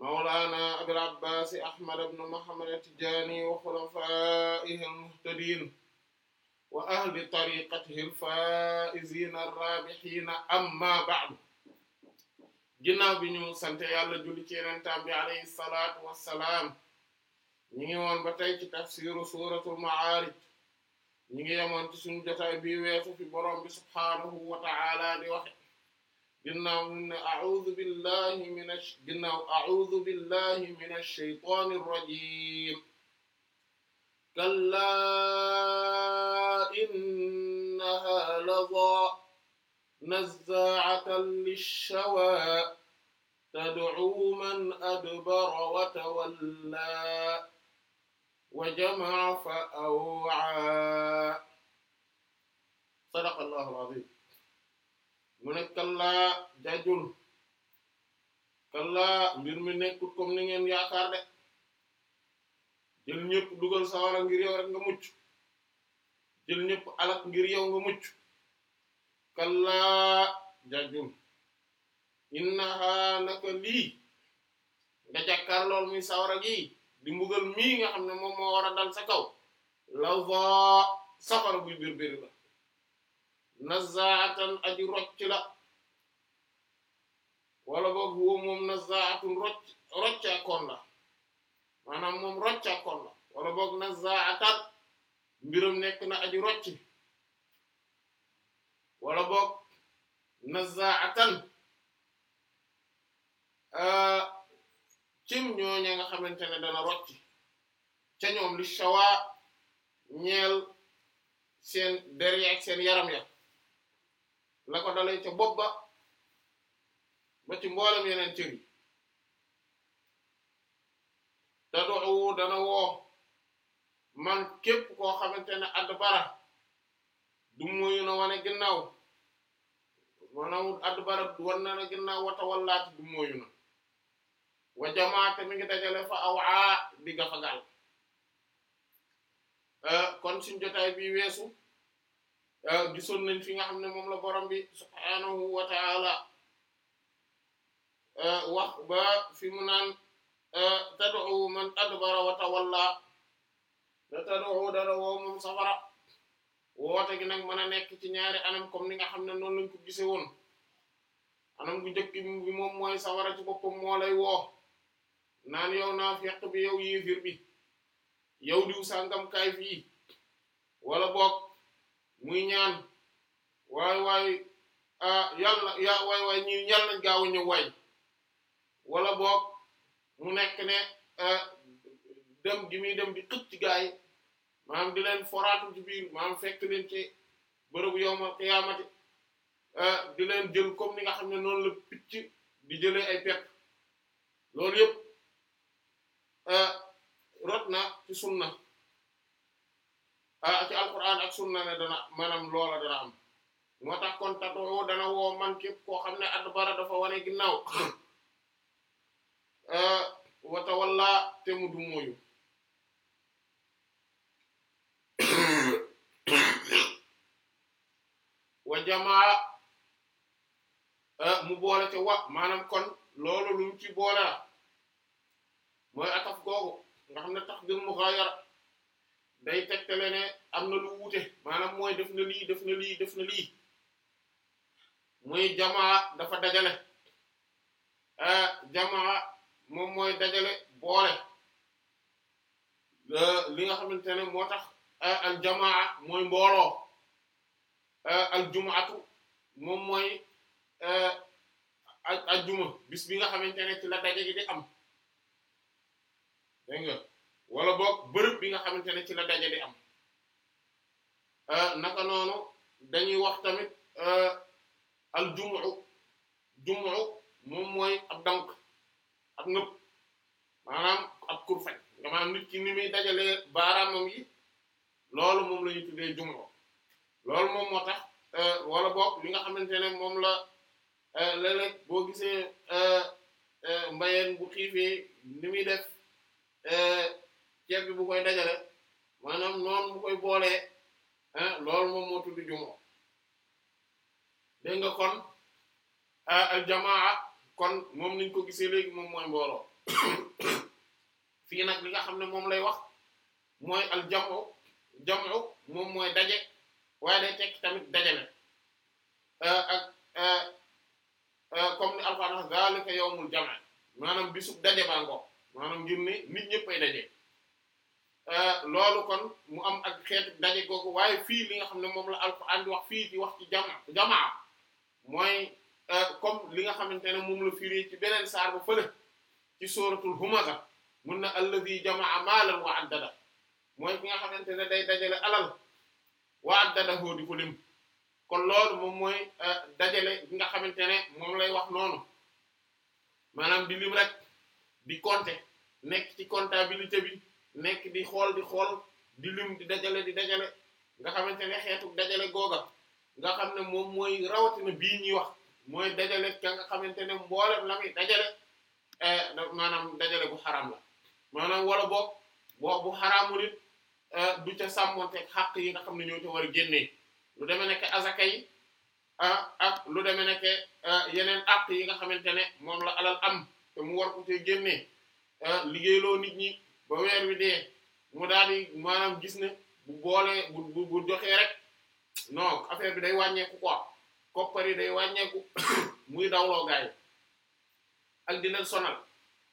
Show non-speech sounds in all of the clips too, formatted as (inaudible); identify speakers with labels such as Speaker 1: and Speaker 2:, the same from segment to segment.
Speaker 1: mawlana abil abbas ahmad ibn muhammad at wa khulafaihi al wa ahli tariqatihi al-faizina ar-rabihina amma ba'du bi ñu sante yàlla julli ci yenentaan bi alayhi salatu wassalaam ñi ngi woon ba tey ci tafsiru suratul ma'arij suñu jotaay bi weesu fi borom bi subhanahu wa ta'ala ginnaaw ñu ne a'udhu billahi minash ginnaaw a'udhu billahi minash shaytanir rajim kallaa innaha laza nazza'atan lish-shawa tad'u man adbara wa tawalla wa jama'a fa aw'a sadaqallahu al-azim mu ne kallaa jajul kallaa mbir mi nekkul comme ni ngeen yaakaar de jël ñëpp dugal sawara ngir yow rek nga mucc jël ñëpp alak ngir yow nga mucc kallaa jajul innaha naka lii nga jàkkaar lool muy sawara gi di mbugal mii nga xam ne moom moo war a dal sa kaw law va safara buy la nazaatan aji rocc la wala boog huwa moom nazaatun rocc roccaakoon la maanaam moom roccaakoon la wala boog nazaatan mbiram nekk na aji rocci wala boog nazaatan euh, cim ñooña nga xamante ne dana rocci ca ñoom li shawa ñeel seen der seen yaram ya la ko dalee ca bopp ba ba ci mboolem yeneen cër yi te dana woo man képp koo xamante ne adbara du moyu na wane ginnaaw maanaam adbara wan na na ginnaaw wata wallaati du moyu na wa jamaate mi ngi dajale fa aw aa di gafagal eh, kon suñ jotaay bi weesu gisoon nañ fi nga xam ne moom la boram bi subhaanahu wa euh, wax ba fi mu naan euh, tad'u man adbara wa tawalla la tad'u dara woo moom safara gi nag mën nekk ci ñaari anam comme ni nga xam ne noonu lañ ko gise woon anam bu njëkk bi moom mooy safara ci boppam moo lay woo naan yow naa fekk bi yow yéefir bi yow diw sàngam kaay fii wala boog muy ñaan waay waay ah, yàlla ya waay waay ñi yàlla nañ gaaw waay wala boog mu nekk ne eh, dem gi muy dem di xëcc ci gaa di leen foraatu ci biir maanaam fekk leen ci bërëbu yowma qiyaamati eh, di leen jël comme ni nga xam ne noonu la picc di jële ay pepp loolu yëpp eh, rot na ci na a ah, ci alquran ak sunna ne dana maanaam loola dana am moo tax kon tatoo dana woo man képp koo xam ne bara dafa wane ginnaaw (coughs) ah, wata walla te mu du moyu (coughs) wa jamaa ah, mu boole ca wa maanaam kon loolu lu ci boole la mooy ataf googu nga xam ne tax gën mu xaayara day tegtale ne am na lu wuute maanaam mooy def na lii def na lii def na lii muy jamaa dafa dajale eh, jamaa moom mooy dajale boole eh, li nga xamante ne moo tax eh, al jamaa mooy mbooloo al jumaatu moom mooy a juma bis bi nga xamante ne ci la daje gi di am dégg nga wala boog bërëb bi nga xamante ne ci la daje di am euh, naka noonu dañuy wax tamit euh, al jumu'u jumu'u moom mooy ab dank ab ngëpp maanaam ab kurfañ nga maanaam nit ki ni muy dajale baaraamam yi loolu moom la ñu tuddee jumu'u loolu moom moo tax euh, wala boog bi nga xamante ne moom la léeg boo gisee mbayeen bu xiifee ni muy def ceeb bi bu koy dajale maanaam noonu bu koy boolee ah, loolu moom moo tudd jumoo dégg nga kon al jamaa kon moom niñ ko gisee léegi moom mooy mbooloo (coughs) fii nag li nga xam ne moom lay wax mooy al jamu jamu moom mooy daje waaye day tekki tamit dajale ak comme ni alxuraan zalika yawmul jamaa maanaam bisub daje baa ngoo ngir ne nit ñëpp daje Euh, loolu kon mu am ak xeetu daje googu waaye fii li nga xam ne moom la alquran di wax fii di wax ci jama jamaa mooy euh, comme li nga xamante ne moom la firi ci beneen saar ba fële ci suratul humaza mun na alladhi jamaa maalan wa addada mooy ki nga xamante ne day dajale alal wa addadahu di ko lim kon loolu moom mooy euh, dajale bi nga xamante ne moom lay wax noonu maanaam di lim rek di compter nekk ci comptabilité bi nekk di xool di xool di lim di dajale di dajale nga xamante ne xeetu dajale googa nga xam ne moom mooy rawatina bii ñuy wax mooy dajale ka nga xamante ne mboolem la muy dajale eh, maanaam dajale bu xaram la maanaam wala boog boo bu xaraamul it eh, du ca sàmmonteeg xàq yi nga xam ne ñoo ca war a génnee lu demee nekk azaka yi ah, lu demee nekk eh, yeneen àq yi nga xamante ne moom la alal am te mu war ko cee génnee liggéeyloo nit ñi ba weer wi dee mu daal di maanaam gis ne bu boolee bu bu joxee rek
Speaker 2: non affaire bi day
Speaker 1: wàññeeku quoi koppar yi day wàññeeku (coughs) muy dawloo ak di leen sonal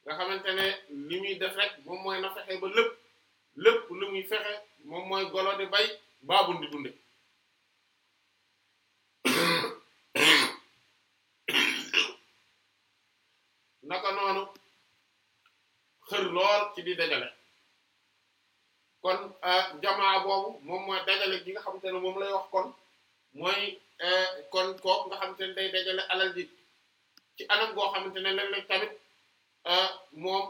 Speaker 1: nga xamante ne li muy def rek moom mooy na fexe ba lépp lépp lu muy fexe moom mooy golo di bay baabun di dunde (coughs) (coughs) naka noonu xër lool ci di dajale kon euh, jamaa boobu moom mooy dajale gi nga xamante ne moom lay wax kon mooy euh, kon kook nga xamante ne day dajale alal ji ci anam goo xamante ne léeg-léeg tamit euh, moom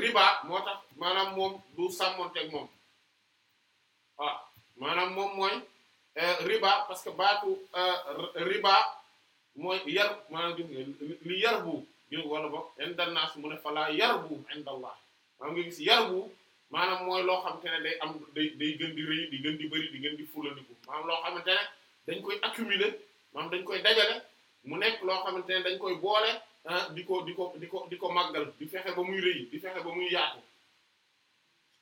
Speaker 1: riba moo tax maanaam moom du sàmmonteeg moom waaw maanaam moom mooy riba parce que baatu riba mooy yar maanaam li yar bu wala boog inda naas mu ne yar yarbu inda allah maa nga gis yarbu maanaam mooy loo xamante ne day am day day gën di rëy di gën di bëri di gën di fulandiku maanaam loo xamante ne dañ koy accumuler maanaam dañ koy dajale mu nekk loo xamante ne dañ koy boole ah, di ko di ko di ko di ko màggal di fexe ba muy rëy di fexe ba muy yaatu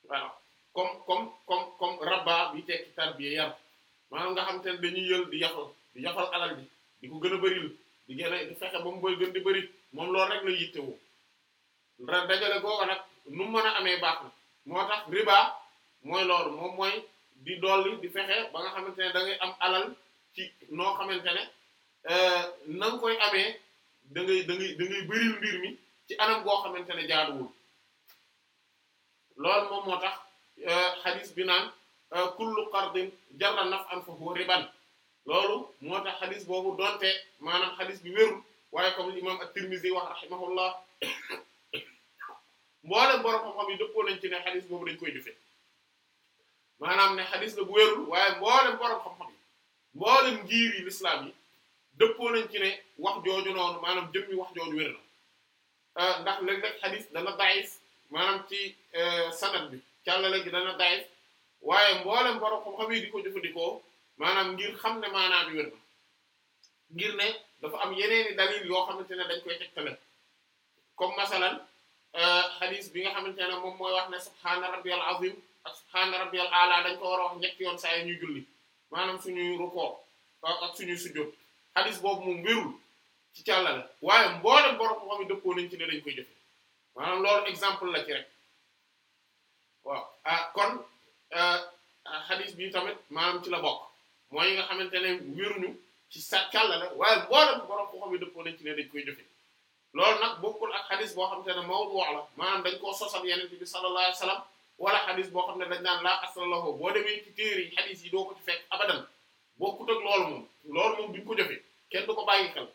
Speaker 1: waaw comme comme comme comme rabba bi tekki tarbiya yar maanaam nga xamante ne dañuy yël di yafal di yafal alal bi di ko gën a bëril di fexe ba mu gën di bëri moom loolu rek la yittewu ndax dajale googu nag nu mën a amee baax na moo tax riba mooy loolu moom mooy di dolli di fexe ba nga xamante ne dangay am alal ci noo xamante ne euh, na koy amee da ngay da ngay mbir mi ci anam goo xamante ne jaaduwul loolu moom moo tax euh, xadis bi naan euh, kullu qardin jarra naf'an fa huwa riban loolu moo tax xadis boobu donte maanaam xadis bi wérul waaye comme l'imam at-Tirmidhi wax rahimahullah mboolem borom xam-xam yi dëppoo nañ ci ne xadis boobu dañ koy jëfe maanaam ne xadis la bu wérul waaye mboolem borom xam-xam yi mboolem ngiir yi l'islam yi dëppoo nañ ci ne wax jooju noonu maanaam jëmmi wax jooju wér na euh, ndax léeg-léeg xadis dana daif maanaam ci euh, sanad bi càllale gi dana daif waaye mboolem borom xam-xam yi di ko jëfandikoo maanaam ngir xam ne maanaam bi wér na ngir ne dafa am yeneeni dalil yoo xamante ne dañ koy tegtale comme masalan euh, hadith bi nga xamante ne moom mooy wax ne subhaana rabbiyal azim ak subhaana rabbiyal ala dañ ko war a wax ñetti yoon saa yi ñuy julli maanaam suñu rukoo ak suñuy sujjóot hadith boobu moom wérul ci càllale waaye mboolem borom ko xam dëppoo nañ ci ne dañ koy jëfe maanaam loolu exemple la ci rek waaw ah, kon euh, hadith bi tamit maanaam ci la bokk mooy nga xamante ne wéruñu ci sa kàllale waaye mboolem borom ko xam yi dëppoo nañ ci ne dañ koy jëfe loolu nag bokkul ak xadis boo xam te ne mawdu wax la maanaam dañ koo sosal yeneen bi sallallahu alayhi wasallam wala xadis boo xam ne dañ naan laa asallahu boo demee ci téere yi xadis yi doo ko ci fekk abadan loolu moom loolu moom duñ ko kenn du ko bàyyi xel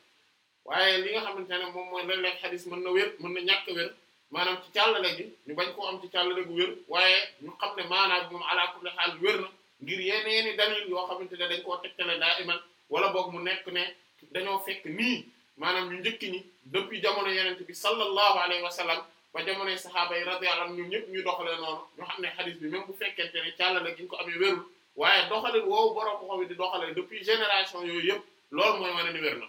Speaker 1: li nga xamante ne moom mooy léeg-léeg xadis mën na wér mën na ñàkk wér maanaam ci càllale gi ñu bañ koo am ci càllale gu wér waaye ñu xam ne maanaam moom ala kulli xaal wér na ngir yeneeni dalil yoo xamante ne dañ koo tegtale daa iman wala boog mu nekk ne dañoo fekk nii maanaam ñu njëkk ñi depuis jamono yenente bi sallallahu alayhi wa sallam ba jamonoy sahaaba yi radiyallahu anhum ñoom ñëpp ñuy doxale noonu ñu xam ne xadis bi même bu fekkente ne càllale gi ñu ko amee waaye doxalin woowu borom ko di doxale depuis génération yooyu yëpp loolu mooy wane ni wér na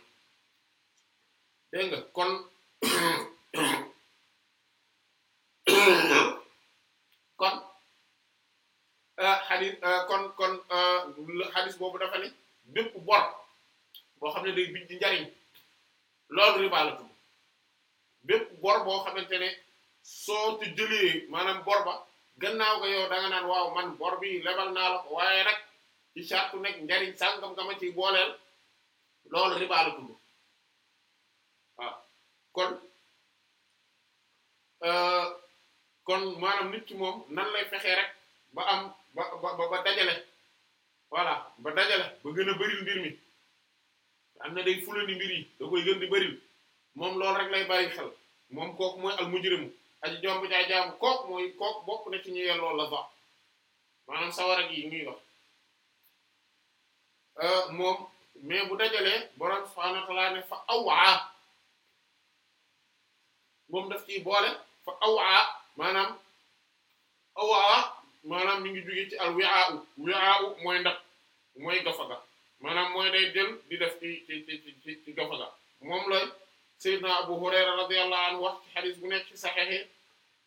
Speaker 1: dégg nga kon kon euh, euh, kon kon euh, xadis boobu dafa bépp bor boo xam ne day bij di njariñ loolu riba la tudd bépp boo xamante ne soo ci jëlee maanaam bor ba gannaaw ko yow danga naan waaw man bor bi lebal naa la ko waaye nag ci sartu nag njariñ sàngam nga ma ci booleel loolu riba la tudd kon euh, kon maanaam nit ki moom nan lay fexee rek ba am ba ba ba dajale voilà ba dajale ba gën a bëril mbir mi am na day fulandi mbir yi da koy gën di bëril moom loolu rek lay bàyyi xel moom kooku mooy al mujrimu aji jomb jaay jaamu kooku mooy kooku bokk na ci ñu yelloo la ba maanaam sawara gi muy wax euh, moom mais bu dajalee borom fa awaa moom daf ciy boole fa awaa maanaam awaa maanaam mi ngi jógee ci al wi'a'u wi'a'u mooy ndab mooy gafaga maanaam mooy day jël di def ci ci moom ci gafaga moom la Seydina Abu Hurayra radiyallahu anhu wax ci xadis bu nekk ci saxiix yi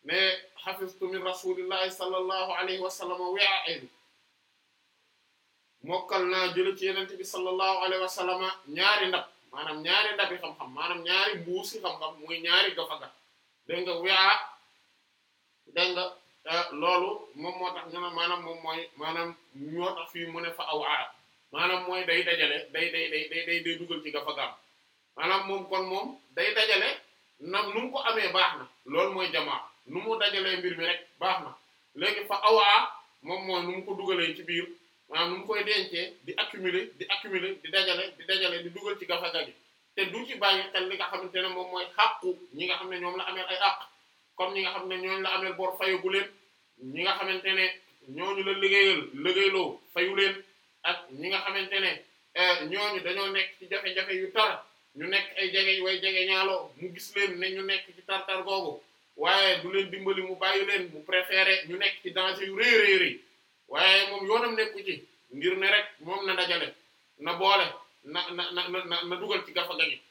Speaker 1: ne xafiztu min rasulillahi sallallahu alayhi wa sallam wi'a'ayn mokkal naa jël ci yenente bi sallallahu alayhi wa ñaari ndab maanaam ñaari ndabi xam-xam maanaam ñaari mbuusi xam-xam mooy ñaari gafaga dégg nga wi'a dégg nga loolu moom moo tax ñu maanaam moom mooy maanaam ñoo tax fii mu ne fa aw aara maanaam mooy day dajale day day day day day dugal ci gafa gam maanaam moom kon moom day dajale nam nu mu ko amee baax na loolu mooy jamaa nu mu dajalee mbir mi rek baax na léegi fa awaa moom mooy nu mu ko dugalee ci biir maanaam nu mu koy dencee di accumuler di accumuler di dajale di dajale di dugal ci gafaga gi te du ci bàyyi xel li nga xamante ne moom mooy xàqu ñi nga xam ne ñoom la amee ay àq comme ñi nga xam ne ñooñu la amee bor fayu gu leen nga xamante ne ñooñu la liggéeyal liggéeyloo fayu leen ak ñi nga xamante ne eh, ñooñu dañoo nekk ci jafe-jafe yu tar ñu nekk ay jege way jege ñaaloo mu gis leen ne ñu nekk ci tartar googu waaye du leen dimbali mu bàyyi leen mu préféré ñu nekk ci danger yu rëy rëy rëy waaye moom yoonam nekku ci ngir ne rek moom na dajale na boole na na na na dugal ci gafa gi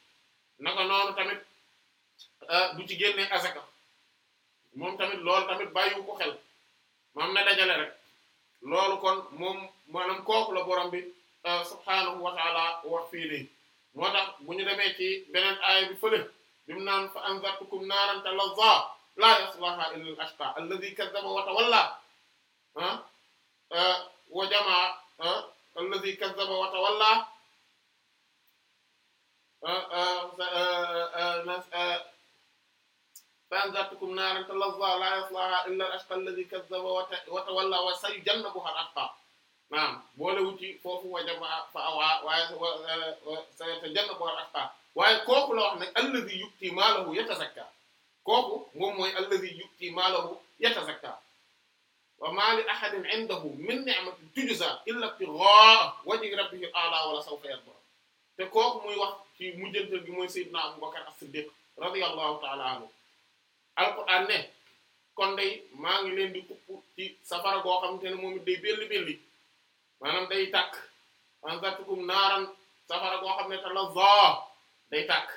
Speaker 1: naka noonu tamit eh, du ci génnee asaka moom tamit loolu tamit bàyyiwu ko xel maam na dajale rek loolu kon moom maanaam kooku la borom bi euh, subhaanahu wa taala wax fii nii moo tax bu ñu demee ci beneen aaya bi fële bi mu naan fa anzartukum naaran talazza laa yaslaha illa al ashqa alladhi kazzaba wa tawalla ah euh, wa jamaa ah alladhi kazzaba wa tawalla ah, euh, fa anzartukum naaran talazza laa yaslaahaa illa al-ashqaa alladhii kazzaba wa tawallaa wa sayujannabuhaa al-atqaa naam boolewu ci foofu wa jama fa awaa waaye sayujannabuhaa al-atqaa waaye kooku la wax nag alladhii yu'tii maalahu yatazakkaa kooku moom mooy alladhii yu'tii maalahu yatazakkaa wa maa li ahadin indahu min ni'matin tujzaa illaa ibtighaa'a wajhi rabbihi al-a'laa wa lasawfa yardaa te kooku muy wax ci mujjantal gi mooy Seydina Abubakar as-Siddiq radiyallahu ta'ala anhu alquran ne kon day maa ngi leen di upp ci safara goo xamante ne moom it day belli belli maanaam day tàkk anzartukum naaran safara goo xam ne talazza day tàkk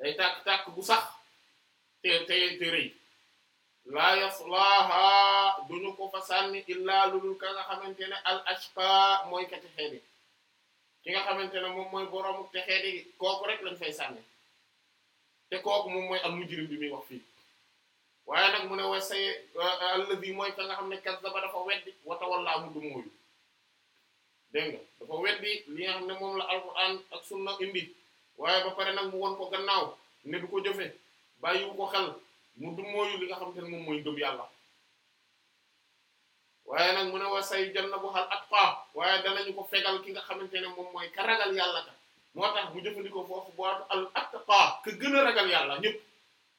Speaker 1: day tàkk tàkk bu sax te te te rëy laa yaslaha duñu ko fa sànni illaa lulul ka nga xamante ne al ashqa mooy ka texee di ki nga xamante moom mooy boroomu texee di kooku rek lañu fay sànni te kooku moom mooy al mujrim bi muy wax fii waaye nag mu ne wa say allazi mooy ka nga xam ne kazzaba dafa weddi wa tawalla mu du mooyu dégg nga dafa weddi li nga xam ne moom la alquran ak sunna indi waaye ba pare nag mu won ko gannaaw ne du ko jëfe bàyyiwu ko xel mu du mooyu li nga xam te ne moom mooy ngëm yàlla waaye nag mu ne wa say jannabu xal atqa waaye danañu ko fegal ki nga xamante ne moom mooy ka ragal yàlla ka moo tax mu jëfandikoo foofu boo al attaqaa ka gën ragal yàlla ñëpp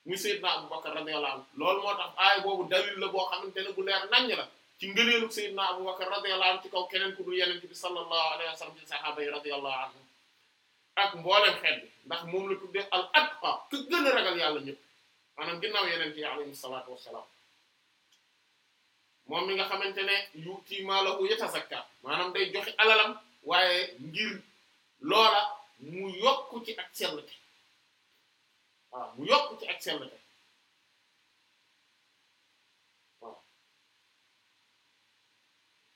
Speaker 1: muy Seydina Abu Bakar radiyallahu anhu lool moo tax aay boobu dalil la boo xamante ne bu leer naññ la ci ngëneelu Seydina Abu Bakar radiyallahu anhu ci kaw keneen ku dul yeneen bi sallallahu alayhi wa sallam ci sahaaba yi radiyallahu anhu ak mboolem xeet bi ndax moom la tuddee al attaqaa ka gën ragal yàlla ñëpp maanaam ginnaaw yeneen yi alayhi salaatu wassalaam mi nga xamante ne yu'ti maalahu yatazakka maanaam day joxe alalam waaye ngir loola mu yokku ci ak sellte waaw mu yokku ci ak sellte waaw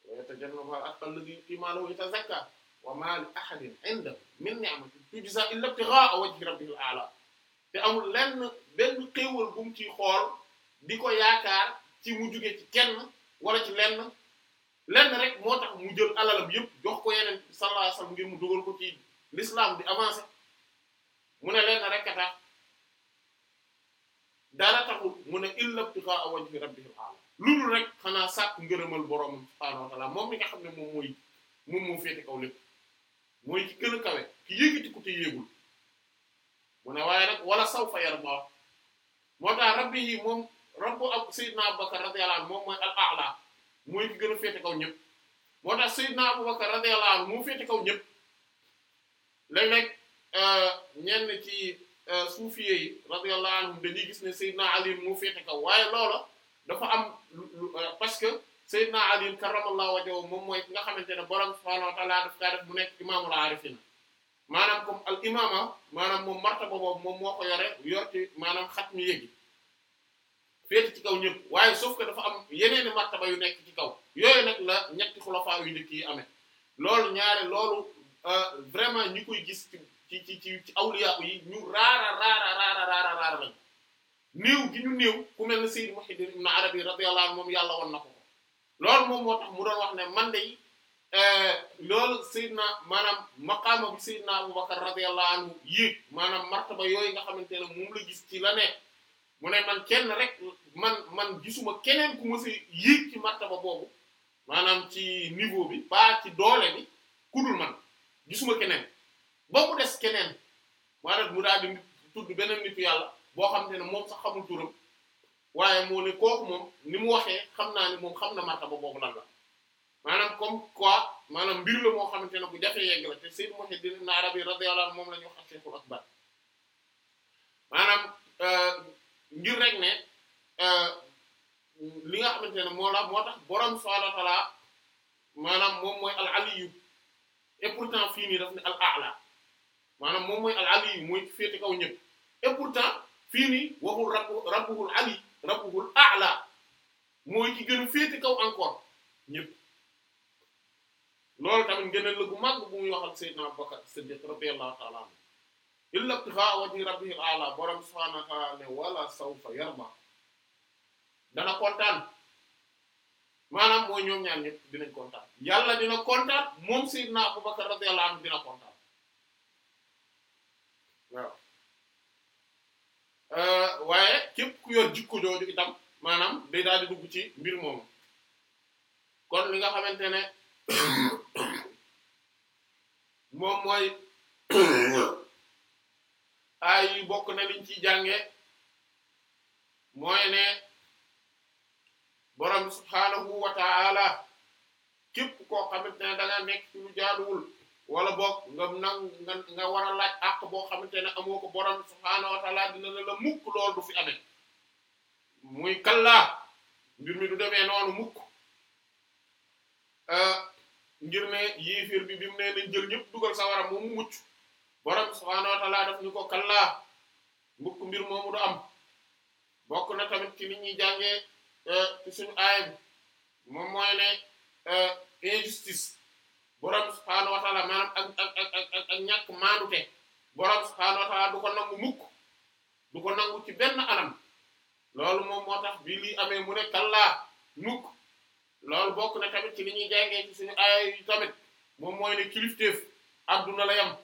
Speaker 1: wa yatajannabuha al-atqa alladhi yu'ti maalahu yatazakka wa ma li ahadin indahu min ni'matin tujza illa ibtigha'a wajhi rabbihi al-a'la te amul lenn benn xéewal bu mu ciy xool di ko yaakaar ci mu jóge ci kenn wala ci lenn lenn rek moo tax mu jël alalam yépp jox ko yeneen sallallahu alayhi wasallam ngir mu dugal ko ci l'islam di avancé mu ne leen rek a tax dara taxul mu ne illa ibtigha'a wajhi rabbihil a'la loolu rek xanaa sàkk ngërëmal boroomam subhaanahu wa ta'aala moom mi nga xam ne moom mooy moom moo féete kaw lépp mooy gën kawe ki yëgati ku te yéegul mu ne waaye nag wala sawfa yardaa moo tax rabbi yi moom rabbu ak Seydina Abubakar radiyallahu anhu moom mooy al kaw ñëpp léeg-léeg euh, ñenn ci euh, suufiye yi radiyallahu anhum dañuy gis ne Seydina Ali mu féete kaw waaye loola dafa am euh, parce que Seydina Ali karramallahu wajhahu moom mooy ki nga xamante ne borom subhaanahu wa ta'aala daf kaa def mu nekk imaamul aarifiin maanaam comme al imaama maanaam moom martaba boobu moom moo ko yore yor maanaam xat mi yéegi féete ci kaw ñëpp waaye sauf que dafa am yeneeni martaba yu nekk ci kaw yooyu nag la ñetti xulafaa yu njëkk yi amee loolu ñaare Euh, vraiment ñi koy gis ci ci ci ci awliya yi ñu raara raara raara raara raara lañ ñu néew ku mel ne Sayyid Muhyiddin Ibn Arabi radiyallahu anhu moom yàlla won na ko lool moom moo tax mu doon wax ne man de euh, loolu Seydina maanaam maqaama bi Seydina Abubakar radiyallahu anhu yéeg maanaam martaba yooyu nga xamante ne moom la gis ci la ne mu ne man kenn rek man man gisuma keneen ku mësa yéeg ci martaba boobu maanaam ci niveau bi ba ci doole bi ku dul man gisuma keneen ba mu des keneen maanaam mu daal tudd beneen nitu yàlla boo xam te ne moom sax xamul turam waaye moo ne kooku moom ni mu waxee xam naa ni moom xam na martaba boobu lan la maanaam comme quoi maanaam mbir moo xamante ne bu jafe yegg la te Sayyid Muhyiddin Arabi moom la ñu wax Cheikhul Akbar maanaam euh, ngir rek ne euh, li nga xamante ne moo la moo tax borom subhanahu maanaam moom mooy al-aliyyu et pourtant fii nii daf ne al a'la maanaam moom mooy al ali mooy ci féete kaw ñëpp et pourtant fii nii waxul rabbu rabbuhul ali rabbuhul a'la mooy ci gën a féete kaw encore ñëpp loolu tamit ngëneel la gu mag bu muy waxal Seydina Abubakar Siddiq radiyallahu ta'ala anhu illa ibtigha wajhi rabbihil a'la borom subhanahu wa ta'ala wala sawfa yarda dana kontaan. maanaam mooy ñoom ñaar ñëpp dinañ kontaan yàlla dina kontaan moom Seydina Abubakar radiyallahu anhu dina kontaan waaw euh, waaye képp ku yor jikko jooju itam maanaam day daal di dugg ci mbir moomu kon li nga xamante ne (coughs) moom mooy (coughs) ay bokk na liñ ci jànge mooy ne borom bi subhaanahu wa ta'ala képp koo xamante ne nekk ci lu jaaduwul wala boog nga nag nga nga war a laaj àq boo xamante ne amoo ko borom bi subhaanahu wa dina la mukk lool du fi amee muy kallaa mbir mi du demee noonu mukk euh, ngir ne yéefir bi bi mu nee nañ jël ñëpp dugal sawara moom mu mucc borom subhaanahu wa ta'ala daf ko kallaa mukk mbir moomu du am bokk na tamit ci nit ñi jàngee ci euh, suñu aaya bi moom mooy ne euh, injustice borom subhaanahu wa taala maanaam ak ak ak maanute borom subhaanahu wa taala nangu mukk du nangu ci benn anam loolu moom moo tax bi amee mu ne kallaa mukk loolu bokk na tamit ci li ñuy jàngee ci suñu aaya tamit moom mooy ne kilifteef adduna la yam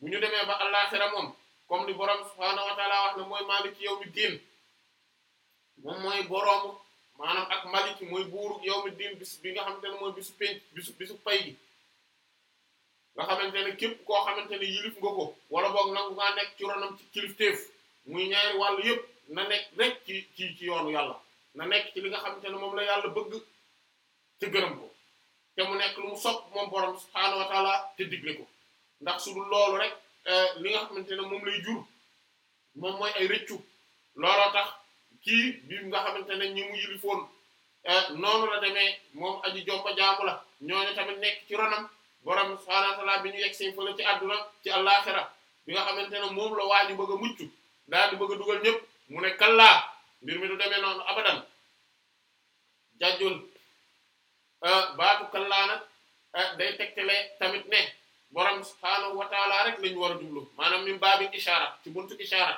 Speaker 1: bu ñu demee ba àllaaxira moom comme li borom subhaanahu wa taala wax ne mooy maaliki yawmi diin moom mooy boroomu. maanaam ak maliki mooy buuru yawmi diin bi nga xamante ne mooy bisu penc bisu bisu pay gi nga xamante ne képp koo xamante ne yilif nga ko wala boog nangu ngaa nekk ci ronam muy ñaari wàll yépp na nekk rek ci ci yàlla na nekk ci li nga xamante ne moom la yàlla bëgg mu nekk lu mu sopp moom borom subhaanahu wa ko ndax su dul rek eh, li nga xamante ne moom lay jur moom mooy ay rëccu looloo tax kii bi nga xamante ne ñi mu yilifoon eh, noonu la demee moom aji jomba jaamu la ñooñu tamit nekk ci ronam borom subhaanahu wa bi ñu yegg seen fële ci àdduna ci àllaaxira bi nga xamante ne moom la waa ji bëgg a mucc daal di bëgg dugal ñëpp mu ne kallaa mbir mi du demee noonu abadan jajjul eh, baatu kallaa nag eh, day tegtale tamit ne borom subhaanahu wa ta'aala rek la ñu war a jublu maanaam min baabi ishaara ci buntu ishaara.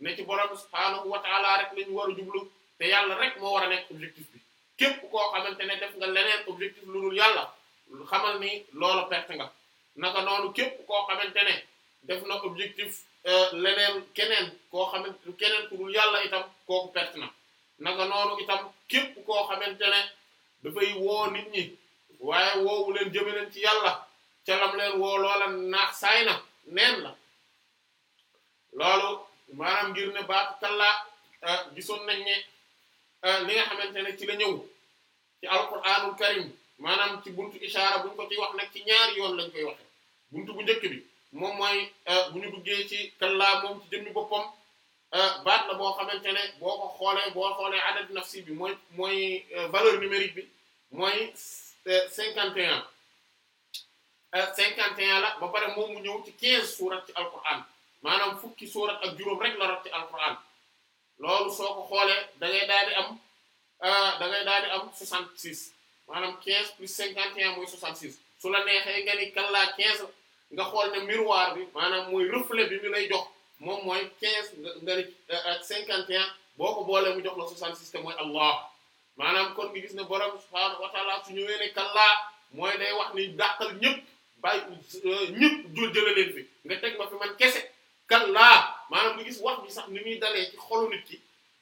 Speaker 1: ne ci borom subhaanahu wa rek la ñu a jublu te yàlla rek moo wara a nekk objectif bi képp koo xamante ne def nga leneen objectif lu dul yàlla xamal ni loola perte nga naka noonu képp koo xamante ne def na objectif euh, leneen keneen koo xamante keneen ku yàlla itam kooku perte na naka noonu itam képp koo xamante ne dafay woo nit ñi waaye woowu leen jëme leen ci yàlla calam leen woo loola naax saay na neen la loolu maanaam ngir ne baatu kallaa euh, gisoon nañ ne euh, li nga xamante ne ci la ñëw ci alquranul karim maanaam ci buntu ishaara buñ ko ci wax nag ci ñaari yoon lañu koy waxe buntu bu njëkk bi moom mooy euh, bu ñu duggee ci kallaa moom ci jëmmi boppam baat la boo xamante ne boo ko xoolee boo xoolee adad nafsi bi mooy mooy valeur numérique bi mooy cinquante et un cinquante la ba pare moom mu ñëw ci quinze surat ci alquran maanaam fukki suurat ak juróom rek la rot ci alquran loolu soo ko xoolee da ngay daal di am ah, da ngay daal di am 66 maanaam 15 plus 51 mooy 66 su la neexee nga ni kallaa 15 nga xool ne miroir bi maanaam mooy reflet bi mi lay jox moom mooy quinze nga ni eh, ak 51 boo ko boolee mu jox la 66 te mooy allah maanaam kon nga gis ne borom subhaanahu wa taala su ñëwee ne kallaa mooy day wax ni dàqal ñëpp bàyyi eh, ñëpp jël jëlaleen fi nga kese. kallaa maanaam nga gis wax bi sax ni muy dalee ci xolu nit ki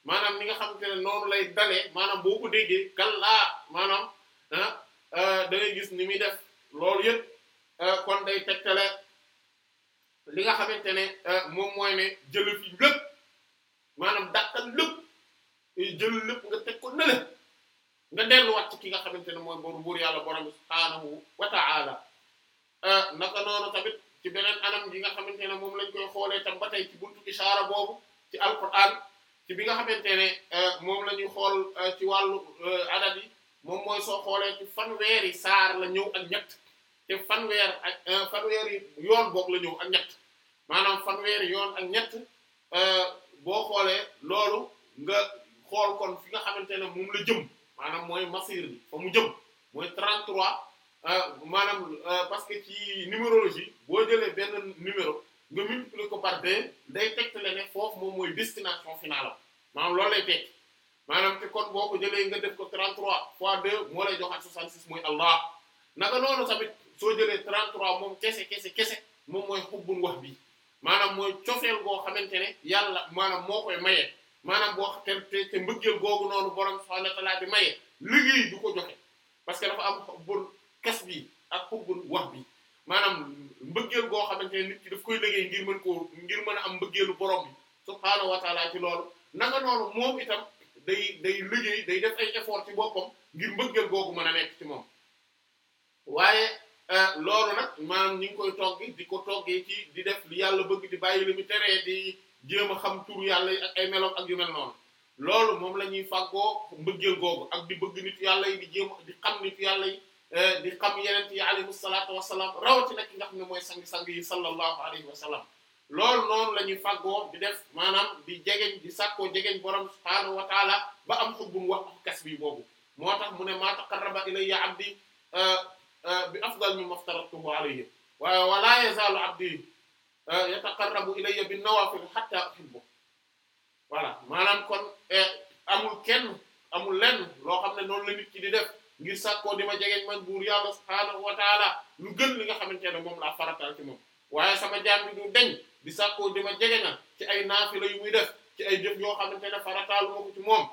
Speaker 1: maanaam ni nga xamante ne noonu lay dalee maanaam boo ko déggee kallaa maanaam ah, ah gis ni muy def loolu yëpp ah, kon day tegtale li nga xamante ne ah, moom mooy ne jëlu fi lépp maanaam dàqal lépp jël lépp nga teg ko nële nga delluwaat ci ki nga xamante ne mooy boru buur yàlla borom bi subhaanahu wa ta'ala naka noonu tamit ci beneen anam gi nga xamante ne moom lañ koy xoolee tam ba tey ci buntu ishaara boobu ci alquran ci bi nga xamante ne euh, moom la ñuy xool euh, ci wàllu euh, adab yi moom mooy soo xoolee ci fanweeri saar la ñëw ak ñett te fanweer ak fanweeri yoon boog la ñëw ak ñett maanaam fanweeri yoon ak ñett boo xoolee loolu nga xool kon fi nga xamante ne moom la jëm maanaam mooy masir bi fa mu jëm mooy 33. Ah, maanaam ah, parce que ci numérologie boo jëlee benn numéro nga multiplier ko par deux day tegtale foofu moom mooy destination finale maanaam loolu lay tekki maanaam te kon boo ko jëlee nga def ko 33 fois 2 moo lay joxaat 66 mooy Allah naka noonu tamit soo jëlee 33 moom kese kese kese moom mooy xubbul wax bi maanaam mooy cofeel boo xamante ne yàlla maanaam moo koy maye maanaam boo te te te mbëggeel googu noonu borom subhanahu wa bi maye du ko joxe parce que dafa am kes bi ak xubbul wax bi maanaam mbëggeel goo xamante ne nit ki daf koy liggéey ngir mën koo ngir mën a am mbëggeelu borom bi subhaanahu wa taala ci loolu nanga noonu moom itam day day liggéey day ay effort ci ngir mbëggeel googu mën a nekk ci moom waaye eh, loolu nag maanaam ñi ngi koy toggi di ko toggee ci di def yàlla bëgg di bàyyi li mu teree di jéem a xam tur yàlla yi ak ay meloom ak yu mel noonu loolu moom la ñuy fàggoo mbëggeel googu ak di bëgg nit yàlla yi di jéem di xam nit yàlla yi Eh, di xam yenent yi alayhi salaatu wasalaam rawatina ki nga xam ne mooy sang-sang yi sallallahu alayhi wa sallam loolu noonu la ñuy fàggoo di def maanaam di jegeñ di sàkkoo jegeñ borom subhaanahu wa taala ba am xubbum wax kas bi boobu moo tax mu ne maa taqarraba ilayya abdi eh, eh, bi afdal mimma aftaradtuhu alayhi wa la yazaalu abdi yataqarrabu ilayya bin nawaafil hatta uhibbu voilà maanaam kon amul kenn amul lenn loo xam ne noonu la nit ki di def ngir sàkkoo di ma jegeñ man buur yàlla subhaanahu wa taala lu gën li nga xamante ne moom laa farataal ci moom waaye sama jaam bi du deñ di sako di ma jegeñal ci ay naafila yu muy def ci ay jëf yoo xamante ne farataalu ma ko ci moom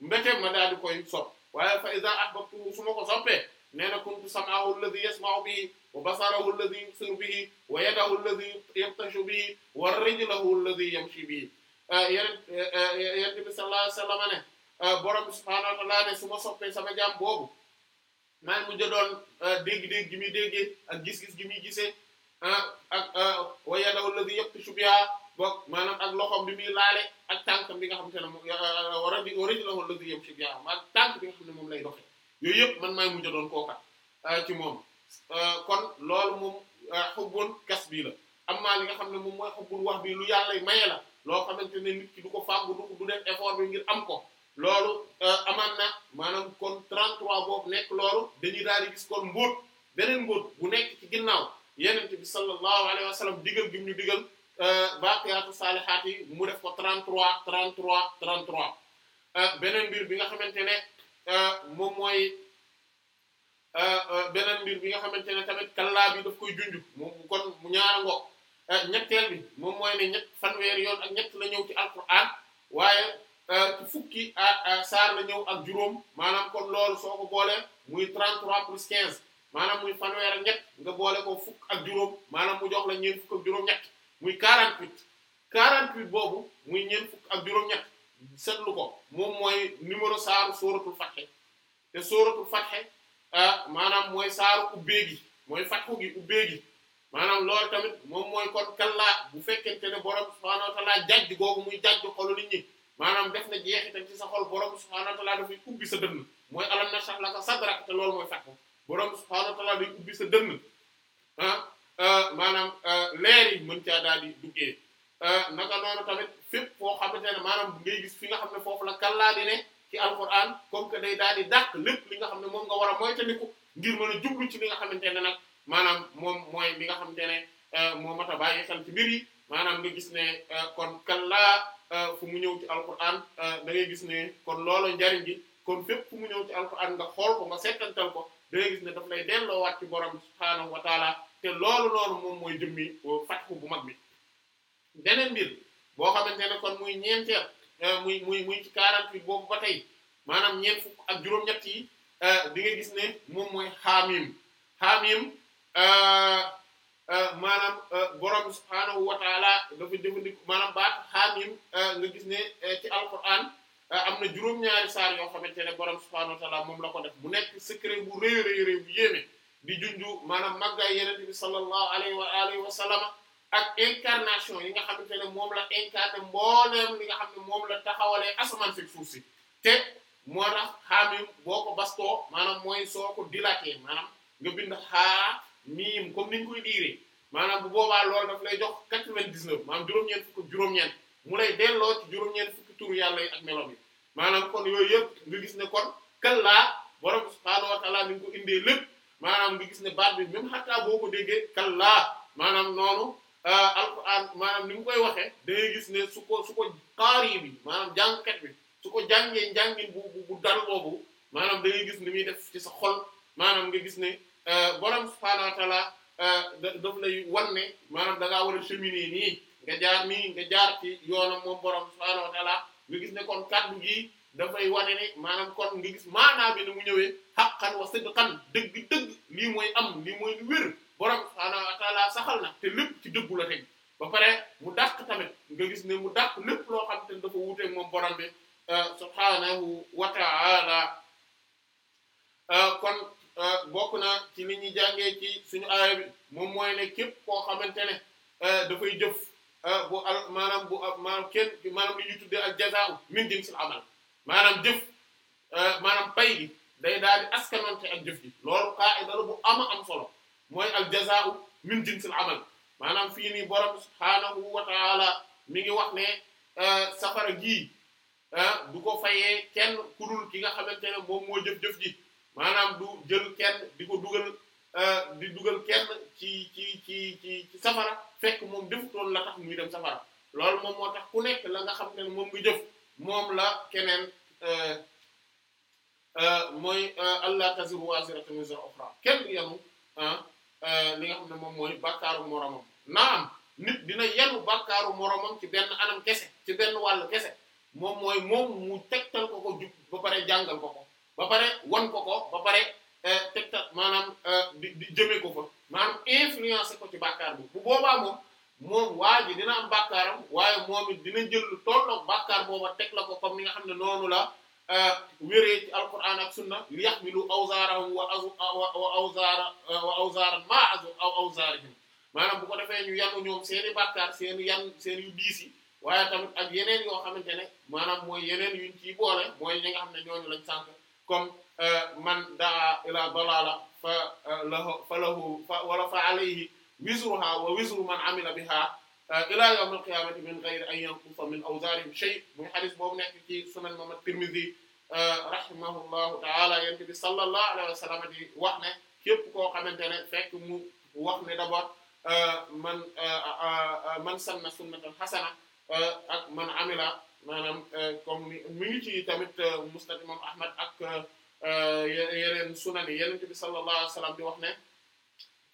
Speaker 1: mbete ma daal di koy wa waaye fa iza ahbabtu su ma ko soppee nee na kuntu sam'ahu alladhi yasma'u bihi wa basarahu alladhi yubsiru bihi wa yadahu alladhi yabtashu bihi wa rijluhu alladhi yamshi bihi ah, eh, eh, yonent bi sallallahu alayhi wa sallam ne ah, borom subhaanahu wa ta'aala ne su ma soppee sama jaam boobu maanaam mu doon euh, dégg-dégg gi muy déggee ak gis-gis gi muy gisee ah, ak euh, wa yadahu alladhi yabtashu biha bokk maanaam ak loxoom bi muy laale ak tànkam bi nga xamante ne moom euh, war a di war a di loxo alladhi yabtashu biha ak tànk bi nga xam ne moom lay doxee yooyu yëpp man maay mujj doon kooka ci moom kon loolu moom xubbun kas bii la amma li nga xam ne moom mooy xubbul wax bi lu yàlla maye la loo xamante ne nit ki du ko fàggu du du def effort bi ngir am ko. loolu euh, amaan na maanaam kon 33 boobu nekk loolu dañuy daal di gis kon mbóot beneen mbóot bu nekk ci ginnaaw yenente bi sallallahu alayhi wa sallam digal gim ñu digal euh, baaqiyaatu saalihaat yi mu def ko 33 33 33 beneen mbir bi nga xamante ne euh, moom mooy beneen mbir bi nga xamante ne tamit kallaa bi daf koy junj moom kon mu ñaara ngoog ñetteel bi moom mooy ne ñett fanweer yoon ak ñett la ñëw ci alquran waaye Euh, fukki saar na ñëw ak juróom maanaam kon lool soo ko boole muy 33 plus 15 maanaam muy fanweer ak ñett nga boole ko fukk ak juróom maanaam mu jox la ñeent fukk ak juróom-ñett muy 48 48 boobu muy ñeen fukk ak juróom-ñett seetlu ko moom mooy numéro saaru sóoratul fatxe te sóoratul fatxe euh, maanaam mooy saaru ubbee gi mooy fatxu gi ubbee gi maanaam loolu tamit moom mooy kon kallaa bu fekkente ne borom subhaanahu wa ta'aala jajj googu muy jajj xolu nit maanaam def na jeexital ci sa xol borom subhaanahu wa ta'aala dafay ubbi sa dënn mooy alam nashrah laka sadrak te loolu mooy fekk borom subhaanahu wa ta'aala day ubbi sa dënn ah, ah maanaam ah, leer yi mën caa daal di duggee ah, naka noonu tamit fépp foo xamante ne maanaam ngay gis fi nga xam ne foofu la kallaa di ne ci alquran day daal di dàq lépp li xam ne moom nga war a moytandiku ngir mën a jublu ci li nga xamante ne nag maanaam moom mooy li nga xamante ne moo mat bàyyi xel ci mbir yi maanaam nga gis ne kon kallaa. Euh, fu mu ñëw ci alquran euh, da ngay gis ne kon loolu njariñ gi kon fépp fu mu ñëw ci alquran nga xool ko nga settantal ko da gis ne daf lay delloowaat ci borom subhaanahu wa taala te loolu moom mooy jëmmi euh, fatxu bu mag bi beneen mbir boo xamante ne kon muy ñeenteel muy muy muy ci 48 boobu tey maanaam ñeent fukk ak juróom-ñett yi di nga gis ne moom mooy xaamim xaamim Euh, maanaam euh, borom bi subhaanahu wa taala dafa jëfandik maanaam baat xaamim euh, nga gis ne ci alquran am na juróom-ñaari saar yoo xamante ne borom subhaanahu wa moom la ko def mu nekk secret bu rëy rëy bu yéeme di junju maanaam màggaay yenente bi sallallahu alayhi wa alihi wa sallama ak incarnation yi nga xamante ne moom la incarné mbooleem li nga xam ne moom la taxawalee asamaan si suuf si te moo tax xaamim boo ko bastoo maanaam mooy soo ko dilatee maanaam miim comme niñ koy diire maanaam bu boobaa lool daf lay jox quatre-vingt-dix-neuf maanaam juróom-ñeent fukk juróom-ñeent mu lay delloo ci juróom-ñeent fukki turu yàlla yi ak melo bi maanaam kon yooyu yëpp nga gis ne kon kallaa borom subhaanahu wa ta'aala ni nga indee lépp maanaam nga gis ne baat bi même xataa boo ko déggee kallaa maanaam noonu euh, alquran maanaam ni mu koy waxee dangay gis ne su ko su ko qaari bi maanaam jàngkat bi su ko jàngee njàngin bu bu dal boobu maanaam dangay gis ni muy def ci sa xol maanaam nga gis ne Euh, borom subhaanahu wa euh, daf lay wan ne maanaam da ngaa war nii nga jaar nii nga jaar ci yoonam moom borom subhaanahu wa nga gis ne kon kaddu gi dafay wane ne maanaam kon nga gis maanaa bi ne mu ñëwee haqqan wa sidqan dëgg-dëgg lii mooy am lii mooy lu wér borom subhaanahu wa taala saxal na te lépp ci dëggu la teg ba pare mu dàq tamit nga gis ne mu dàq lépp loo xam te dafa wuuteeg moom borom bi euh, subhaanahu wa kon Euh, bokk na ci li ñuy jàngee ci suñu aaya bi moom mooy ne képp koo xamante ne euh, dafay jëf euh, bu al maanaam bu maanaam kenn maanaam li ñuy tuddee al jazaa'u amal maanaam jëf maanaam pay gi day jëf gi bu ama am solo mooy al jazaa'u min jinsil amal maanaam fii nii borom subhaanahu wa ta'ala mi ngi wax ne safara gii du ko fayee kenn ku dul ki nga xamante ne moom moo jëf-jëf ji maanaam du jël kenn di ko dugal euh, di dugal kenn ci ci ci ci ci safara fekk moom defutoon la tax muy dem safara loolu moom moo tax ku nekk la nga xam te ne moom nga jëf moom la keneen euh, euh, mooy allah taziru waziratun wizra ukhra kenn yanu ah, li nga xam ne moom mooy bàkkaaru moromam am nit dina yanu bàkkaaru moromam ci benn anam kese ci benn wàll kese moom mooy moom mu tegtal ko ko jub ba pare jàngal ko ko ba pare wan ko ko ba pare eh, tegta maanaam eh, di di jëmee ko ko maanaam influencer ko ci bàkkaar bu bu boobaa moom moom waa dina am bàkkaaram waaye moom it dina jël lu tolloog bàkkaar booba teg la ko comme ni nga xam ne noonu la eh, wéree ci alquran ak sunna li yaxmilu awzaarahum wa wa awzaara wa awzaaran maa aw awzaarihim maanaam bu ko defee ñu yanu ñoom seen i bàkkaar seen i yan seen yu diis yi waaye tamit ak yeneen yoo xamante ne maanaam mooy yeneen yuñ ciy boole mooy ñi nga xam ne ñooñu lañ sànk comme euh, man daa ila dalala fa euh, lahu fa lahu fa wala fa alayhi wizruha wa wizru man amila biha euh, ila yawm al-qiyamati min ghayri an yanqusa min awzarihim shay muy hadith boobu nekk ci sunan imam at-Tirmidhi rahimahullahu ta'ala yent bi sallallahu alayhi wa sallam di wax ne képp koo xamante ne fekk mu wax ne d'abord man man sanna sunnatan hasana ak man amila maanaam euh, comme mi ngi ci tamit euh, musnad imam ahmad ak euh, yeneen sunan yi yeneen bi sallallahu alayhi wa sallam wax ne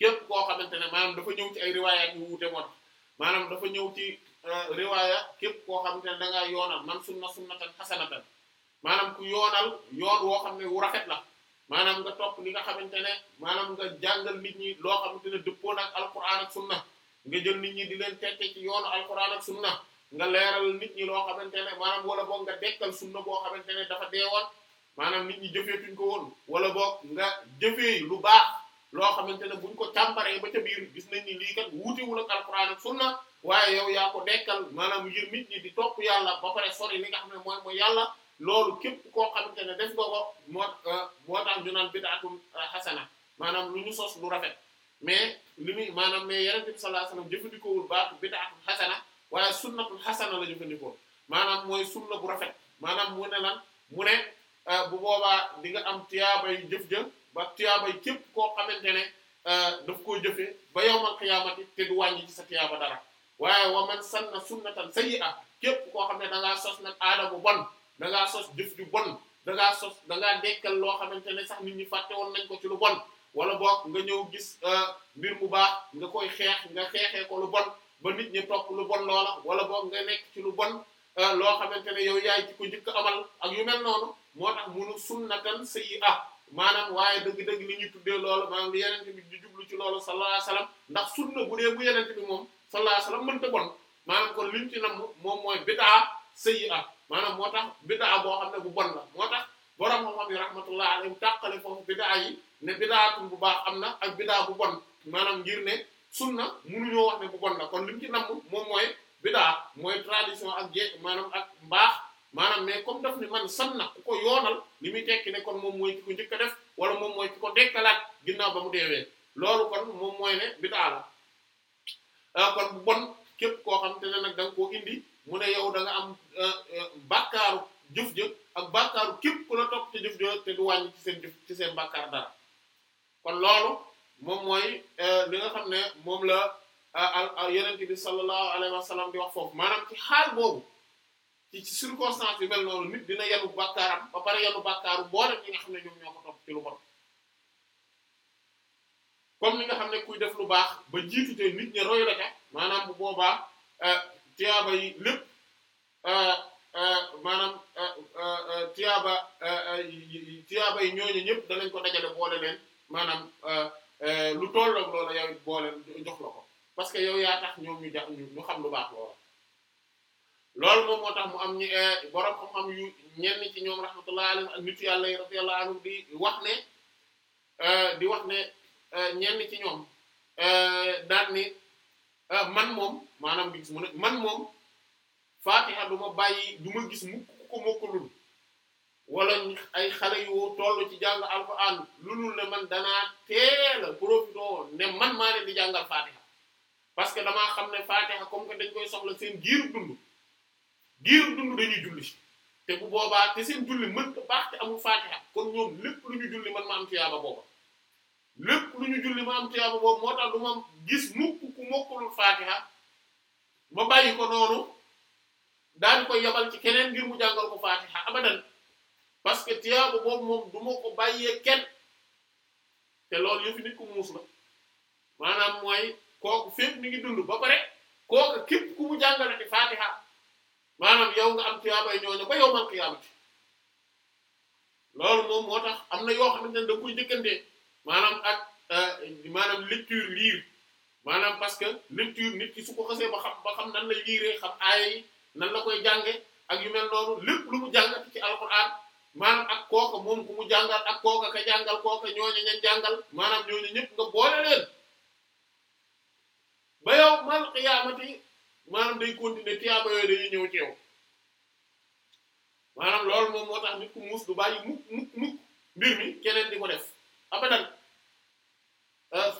Speaker 1: képp koo xamante ne maanaam dafa ñëw ci ay riwaayaat yu wuute moo tax maanaam dafa ñëw ci riwaaya képp koo xamante ne da ngaa yoonal man sunna sunnatan hasanatan maanaam ku yoonal yoon woo xam ne wu rafet la maanaam nga topp li nga xamante ne maanaam nga jàngal nit ñi loo xamante ne dëppoo ak alquran ak sunna nga jël nit ñi di leen tette ci yoonu alquran ak sunna nga leeral nit ñi loo xamante ne maanaam wala boog nga dekkal sunna boo xamante ne dafa deewoon maanaam nit ñi jëfeetuñ ko woon wala boo nga jëfee lu baax loo xamante ne buñ ko càmbaree ba ca gis nañ ni lii kat wuutewul ak alquran ak sunna waaye yow yaa ko dekkal maanaam ngir nit ñi di topp yàlla ba pare sori xam ne mooy mooy yàlla loolu képp koo xamante ne def nga ko moo euh, moo tax ñu naan bid'atun hasana maanaam lu ñu sos lu rafet mais li muy maanaam mais yonent bi sallallahu alayhi wasallam jëfandikoowul baax bid'atun hasana waaye sunnatul xasana la jëfandikoo maanaam mooy sunna bu rafet maanaam mu ne lan mu ne euh, bu boobaa di nga am tiyaabay jëf-jëf ba tiyaabay képp koo xamante ne euh, daf koo jëfe ba yawmal qiyaamati te du wàññi ci sa tiyaaba dara waaye wa man sanna sunnatan sayyi'a képp koo xam ne da ngaa sos nag aada bon da ngaa sos jëf ju bon da ngaa sos da ngaa dekkal loo xamante ne sax nit ñi fàtte woon nañ ko ci lu bon wala boog nga ñëw gis euh, mbir mu baax nga koy xeex nga xeexee ko lu bon ba nit ñi topp lu bon loola wala boog nga nekk ci lu bon euh, loo xamante ne yow yaay ci ko njëkk amal ak yu mel noonu moo tax munu sunnatan sayyi'a maanaam waaye dëgg-dëgg li ñuy tuddee loolu maanaam li yenente bi jublu ci loolu sallallahu alayhi ndax sunna bu dee bu yenente bi moom sallallahu alayhi wasallam mënta bon maanaam kon liñ ci namm moom maanaam moo tax bid'a boo xam ne bu bon la moo tax borom xam-xam yi rahmatullah alayhim tàqale foofu bid'a yi ne bid'atun bu baax am na ak bid'a bu bon maanaam ngir ne na sunna munuñoo wax ne bu bon la kon li mu ci namm moom mooy bidaa mooy tradition ak je maanaam ak mbaax maanaam mais comme daf ne man na ku ko yoonal li muy tekki ne kon moom mooy ki ko njëkk a def wala moom mooy ku ko dekkalaat ginnaaw ba mu deewee loolu kon moom mooy ne bidaa la euh, kon bu bon képp koo xam te ne nag da koo indi mu ne yow da nga am euh, euh, bàkkaaru jëf-jëf ak bàkkaaru képp ku la topp ci jëf-jëf te du wàññi ci seen jëf ci seen bàkkaar dara kon loolu. moom mooy euh, li nga xam ne moom la euh, yenente bi sallallahu alayhi wa sallam di wax foofu maanaam ci xaal boobu ci ci circonstance bi mel noonu nit dina yenu bàkkaaram ba pare yenu bàkkaaru mboolem ñi nga xam ne ñoom ñoo ko ci lu bon comme ni nga xam ne kuy def lu baax ba jiitu te nit ñi roy la ca maanaam bu boobaa euh, tiyaaba yi lépp maanaam tiyaaba tiyaaba yi ñooñu ñëpp danañ ko dajale boole leen maanaam Euh, lu tolloog loola yow it boole jox la ko parce que yow yaa tax ñoom ñu jax ñu xam lu baax loola loolu moom moo tax mu am ñu euh, borom xam-xam ci ñoom rahmatullahi alayhim ak nitu yàlla yi radiyallahu anhum di euh, di wax ne ñenn ci ñoom daan ni man moom maanaam bi gis mu ne man moom Fatiha du ma bàyyi du ma gis mukk ko mokkalul wala ay xale yu toll ci jàng alquran lu dul ne man danaa teel a profité ne man maa leen di jàngal fatiha parce que damaa xam ne fatiha comme que dañ koy soxla seen giiru dund giiru dund dañuy julli te bu boobaa te seen julli mën ko baax te amul fatiha kon ñoom lépp lu ñu julli man ma am tiyaaba booba lu ñu julli ma am moo tax du ma gis mukk ku mokkulul fatiha ma bàyyi ko noonu daal di koy yabal ci keneen ngir mu jàngal ko fatiha abadan parce que tiyaaba boobu moom du ma ko bàyyee kenn te loolu yëpp nit ku muus la maanaam mooy kooku fépp mi ngi dund ba pare kooku képp ku mu jàngale di faatiha maanaam yow nga am tiyaabay ñooñu ba yow man qiyaamati loolu moom moo tax am na yoo xamante ne da koy njëkkantee maanaam ak euh, maanaam lecture maanaam parce que lecture nit ki su ko ba xam ba nan la liiree xam aaya yi nan la koy jànge ak yu mel noonu lépp lu mu jàngati ci alxuraan maanaam ak kooka moom ku mu jàngal ak kooka ka jàngal kooka ñooñu ña jàngal maanaam ñooñu ñëpp nga boole leen ba yow man xiyaamati maanaam day continuer tiyaaba yooyu ñëw ci yow loolu moom moo tax keneen di ko def abadan euh,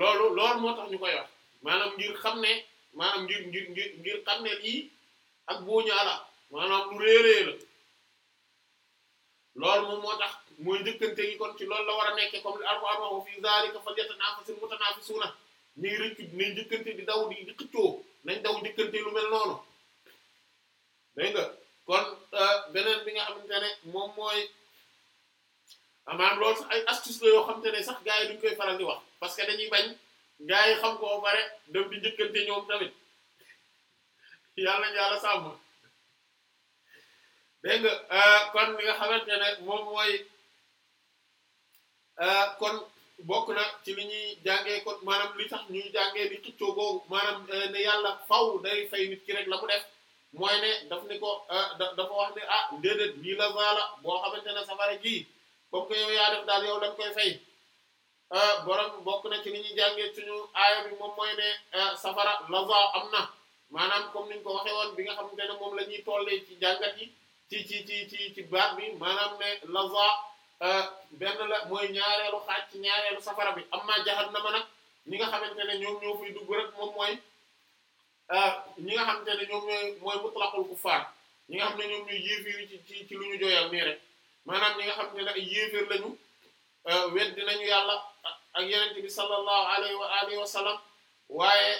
Speaker 1: loolu loolu ñu koy wax maanaam ngir xam ne maanaam ngir ngir ngir ngir xam ne lii ak boo ñaala maanaam lu loolu moom moo tax mooy njëkkante gi kon ci loolu la war a nekkee comme li Alxuraan wax wa fii zaalika falyatanaafasil mutanaafisuuna ñuy rëcc nañ njëkkante di daw di xëccoo nañ daw njëkkante lu mel noonu dégg nga kon euh, beneen bi nga xamante ne moom mooy maanaam lool sax ay astuce la yoo xamante ne sax gars yi duñ koy faral di wax parce que dañuy bañ gaa yi xam ko ba pare dem di njëkkante ñoom tamit (laughs) yàlla na yàlla dégg nga euh, kon li nga xamante ne moom mooy euh, kon bokk na ci li ñuy jàngee kon maanaam li ñuy jàngee di tuccoo googu maanaam euh, ne yàlla faw day fay nit ki rek la mu def mooy ne daf ni ko dafa wax ne a ah, déedéet lii la vaala boo xamante ne safara ji comme que yow yaa def daal yow dañ koy fay borom bokk na ci li ñuy jàngee suñu aaya bi moom mooy ne safara la am na maanaam comme niñ ko waxee woon bi nga xam ne moom la ñuy tollee ci jàngat yi ci ci ci ci ci baat bi maanaam ne laza euh, benn la mooy ñaareelu xaaj ci ñaareelu safara bi amma jahannama nag ñi nga xamante ne ñoom ñoo fiy dugg rek moom mooy euh, ñi nga xamante ne ñoom ñooy mooy mutlaqul kuffar ñi nga xam ne ñoom ñooy yéeféer ci ci ci lu ñu jooyal nii rek maanaam ñi nga xam ne ay yéeféer lañu euh, weddi nañu yàlla ak yonent bi sallallahu alayhi wa alihi wa sallam waaye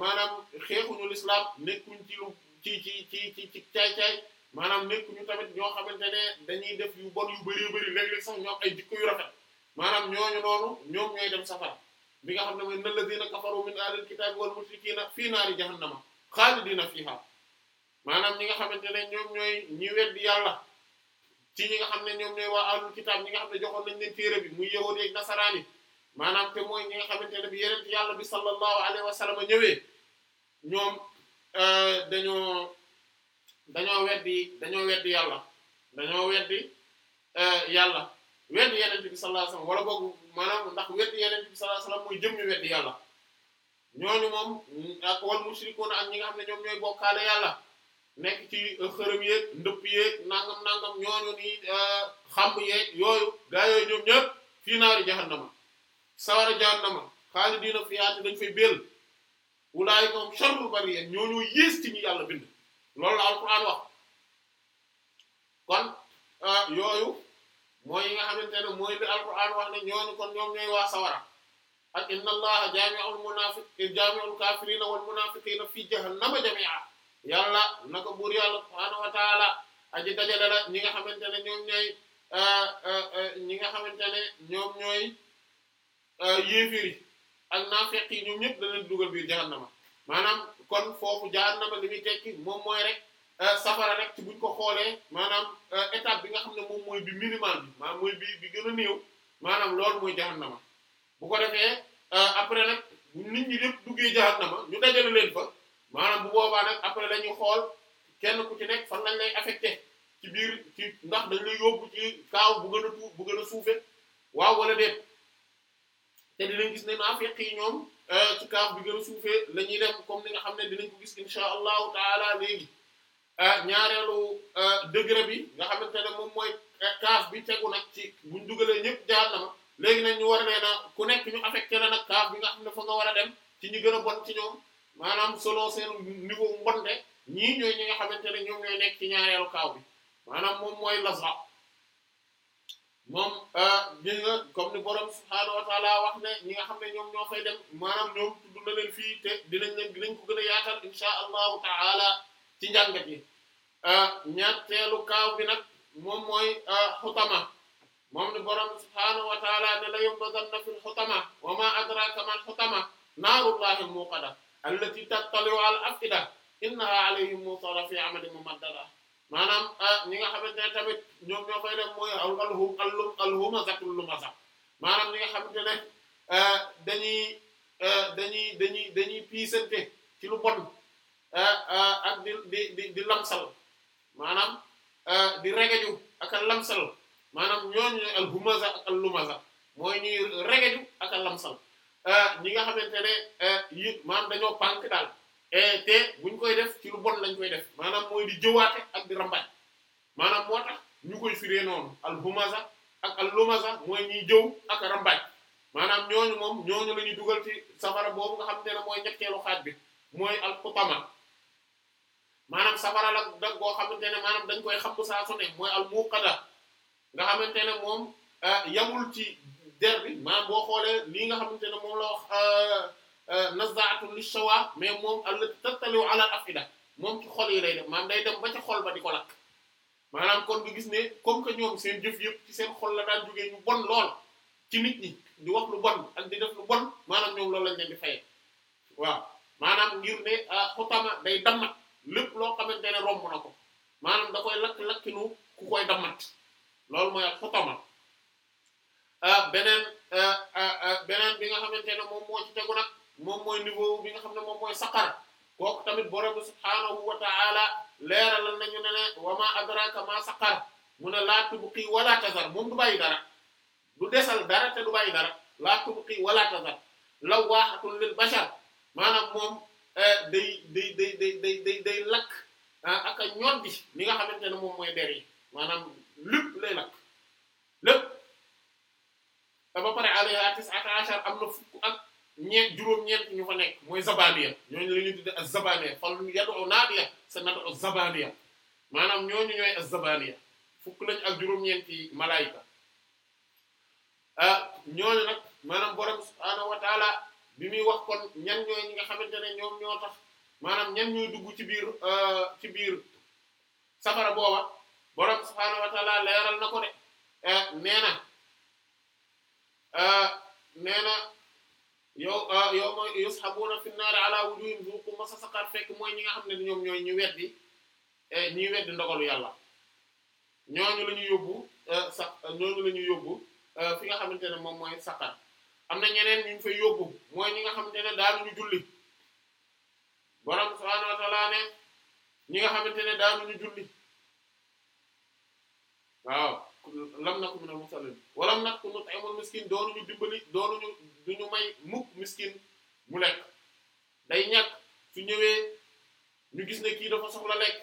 Speaker 1: maanaam xeexuñu lislaam nekkuñ ci lu ci ci ci ci caay-caay maanaam nekk ñu tamit ñoo xamante ne dañuy def yu bon yu bari bari léeg-léeg sax ñoo ay jikko yu rafet maanaam ñooñu noonu ñoom ñooy dem safara bi nga xam ne mooy na ladina kafaru min ahlil kitaabi wal mushrikiina fii naari jahannama xaalidina fiihaa maanaam ñi nga xamante ne ñoom ñooy ñi weddi yàlla ci ñi nga xam ne ñoom ñooy waa ahlul kitaab ñi nga xam ne joxoon nañ leen téere bi muy yahuud ak nasaraan yi te mooy ñi nga xamante ne bi yeneen yàlla bi sallallahu alayhi wa sallam ñëwee ñoom euh, dañoo dañoo weddi dañoo weddi yàlla weddi euh, yàlla weddi yeneen bi sallallahu alayhi wasallam wala boog maanaam ndax weddi yeneen bi sallallahu alayhi wasallam mooy jëm ñu weddi yàlla ñooñu moom ak wal mushrikuuna ak ñi nga xam ne ñoom ñooy bokkaale yàlla nekk ci euh, xërëm yeeg ndëpp yeeg nangam nangam ñooñu ni euh, xamb yeeg yooyu gaa yooyu ñoom ñëpp fii naari jahannama sawara jahannama xaalidiina fiihaa dañ fay bél ulaa'ika hum sharrul bariyya ñooñu yées ci yàlla bind loolu la alquran wax kon euh, yooyu mooy nga xamante ne mooy li alquran wax ne ñooñu kon ñoom ñooy waa sawara ak inna allaha jami'ul munafiqin jami'ul kafirina wal munafiqina fi jahannama a yàlla naka buur yàlla subhanahu wa ta'ala aji dajale la ñi nga xamante ne ñoom ñooy euh, euh, ñi nga xamante ne ñoom ñooy yéefiri ak naafeq ñoom ñëpp da dugal biir jahannama maanaam kon foofu jahannama li muy tekki moom mooy rek euh, safara rek ci buñ ko xoolee maanaam euh, étape bi nga xam ne moom mooy bi minimal bi maanaam mooy bi bi gën a néew maanaam loolu mooy jahannama bu ko defee euh, après nag nit ñi lépp duggee jahannama ñu dajale leen fa maanaam bu boobaa après la xool kenn ku nekk fan lañ lay affecté ci biir ci ndax dañ lay yóbbu ci kaaw bu gën a tuut a suufe waaw wala déet te leen gis ne naafiq yi ñoom Euh, ci kaaf bi gën a suufee la ñuy dem comme ni nga xam ne dinañ ko gis insha allahu taala léegi euh, ñaareelu euh, degré bi nga xamante ne moom mooy kaaf bi tegu nag ci buñ dugalee ñëpp jaar na léegi nag ñu war nee na ku ñu affecté la nag kaaf bi nga xam ne fa nga war a dem ci ñu gën a bon ci ñoom maanaam solo seen niveau mbonte ñii ñooy ñi nga xamante ne ñoom ñooy nekk ci ñaareelu kaaw bi maanaam moom mooy lasra moom euh, gis nga comme ni borom subhaanahu wa taala wax ne ñi nga xam ne ñoom ñoo fay dem maanaam ñoom tudd na leen fii te dinañ leen dinañ ko gën a yaatal insha allahu taala ci njàngat yi euh, ñetteelu kaaw bi nag moom mooy euh, xutama moom ni borom subhaanahu wa taala ne la yumbadanna fil xutama wa ma adraka mal xutama naarullahi muqada allati tattali'u al afida innaha alayhim musallah fi maanaam ah, ñi nga xamante ne tamit ñoom ñoo koy def mooy al alhumazatul lumaza maanaam ñi nga xamante ne ah, dañuy ah, dañuy dañuy dañuy piisante ci lu bon di di di lamsal maanaam di regeju ak a lamsal maanaam ñooñu ñooy alhumaza ak al lumaza mooy ñuy regeju ak a lamsal ñi nga xamante ne yi maanaam dañoo pànk daal E te buñ koy def ci lu bon lañ koy def maanaam mooy di jëwaate ak di rambaaj maanaam moo tax ñu koy firee noonu al humaza ak al lumaza mooy ñiy jëw ak rambaaj maanaam ñooñu moom ñooñu la ñuy dugal ci safara boobu nga xam te ne mooy ñetteelu bi mooy al xutama maanaam safara la da goo xamante ne dañ koy xam saa su ne mooy al muqada nga xamante ne moom eh, yamul ci der bi maanaam boo xoolee lii nga xamante ne moom la wax eh, Euh, nazaatu li shawa mais moom allati tattaliu a afida moom ci xol yi lay def maanaam day dem ba ci xol ba di ko lakk maanaam kon du gis ne comme que ñoom seen jëf yëpp ci seen xol la daan jógee ñu bon lool ci nit ñi di wax lu bon ak di def lu bon maanaam ñoom loolu lañ leen di fayee waaw maanaam ngir ne euh, xutama day dammat lépp loo xamante ne romb na ko maanaam da koy lakk-lakkinu ku koy dammat loolu mooy ak xutama euh, beneen bi nga xamante ne moom moo ci tegu moom mooy niveau bi nga xam ne moom mooy saqar kooku tamit borom bi subhaanahu wa ta'ala leeralal nañu ne ne wa ma adraka ma saqar mu ne laa tubqi wala tazar moom du bàyyi dara du desal dara te du bàyyi dara laa tubqi wala tazar lawaahatun lil bashar maanaam moom eh, day day day day day day day lakk eh, ak a ñoddi li nga xamante ne moom mooy der yi maanaam lépp lay lakk lépp te ba pare alayha tis'ata ashar am na fukk ñeent juróom-ñeent ñu fa nekk mooy zabaniya ñooñu la ñuy tuddee ak zabaniya fal yad'u naadiya sa nad'u zabaniya maanaam ñooñu ñooy ak zabaniya fukk lañ ak juróom-ñeenti malaayika ah ñooñu nag maanaam borom bi muy wax kon ñan ñooy nga xamante ne ñoom ñoo tax maanaam ñan ñooy dugg ci biir ah, ci biir safara booba borom subhaanahu na ko de eh, nee na ah, yow ah, yow mooy yushabuna fi nnaari ala wujuhim zuqu massa saqar fekk mooy ñi nga xam ne ñoom ñooy ñu weddi eh, ñi weddi ndogalu yàlla ñooñu la ñu yóbbu eh, sax ñooñu la ñu yóbbu eh, fi nga xamante ne moom mooy saqar am na ñeneen ñu ngi fay yóbbu ñi nga xamante ne daanuñu julli borom subhanahu wa ta'ala ne ñi nga xamante ne daanuñu julli waaw lam naku minal musallin walam naku nut'imul miskin doonuñu dimbali doonuñu du ñu may mukk miskin mu lekk day ñàkk su ñëwee ñu gis ne kii dafa soxla lekk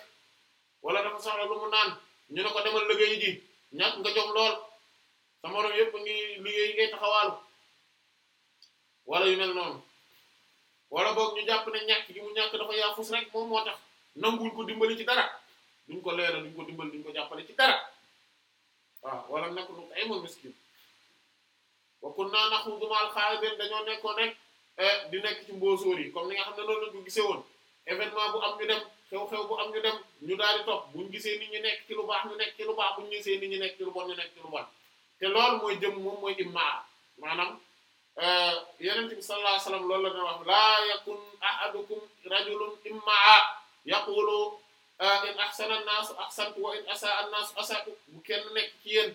Speaker 1: wala dafa soxla lu mu naan ñu ne ko demal liggéey ji ñàkk nga jom lool sama morom yëpp ngi liggéey ngay taxawaalu wala yu mel noonu wala boog ñu jàpp ne ñàkk gi mu ñàkk dafa yaafus rek moom moo tax nanguwul ko dimbali ci dara duñ ko leeral duñ ko dimbali duñ ko jàppale ci dara waaw wala nak lu ay moom miskin wa kunna naxuudu ma'al xaa'idiin dañoo nekkoon rek eh, di nekk ci mboosóor yi comme ni nga xam ne noonu lañ ko gisee woon événement bu am ñu dem xew-xew bu am ñu dem ñu daal di topp buñ gisee nit ñi nekk ci lu baax ñu nekk ci lu baax buñ gisee nit ñi nekk ci lu bon ñu nekk ci te loolu mooy jëm moom mooy immaa maanaam eh, yenente bi sallallahu alayhi wasallam loolu la doon wax laa yakun ahadukum rajulun immaa yaqulu eh, in ahsana an-nas ahsantu wa in asaa a nas asaatu bu kenn nekk ci yéen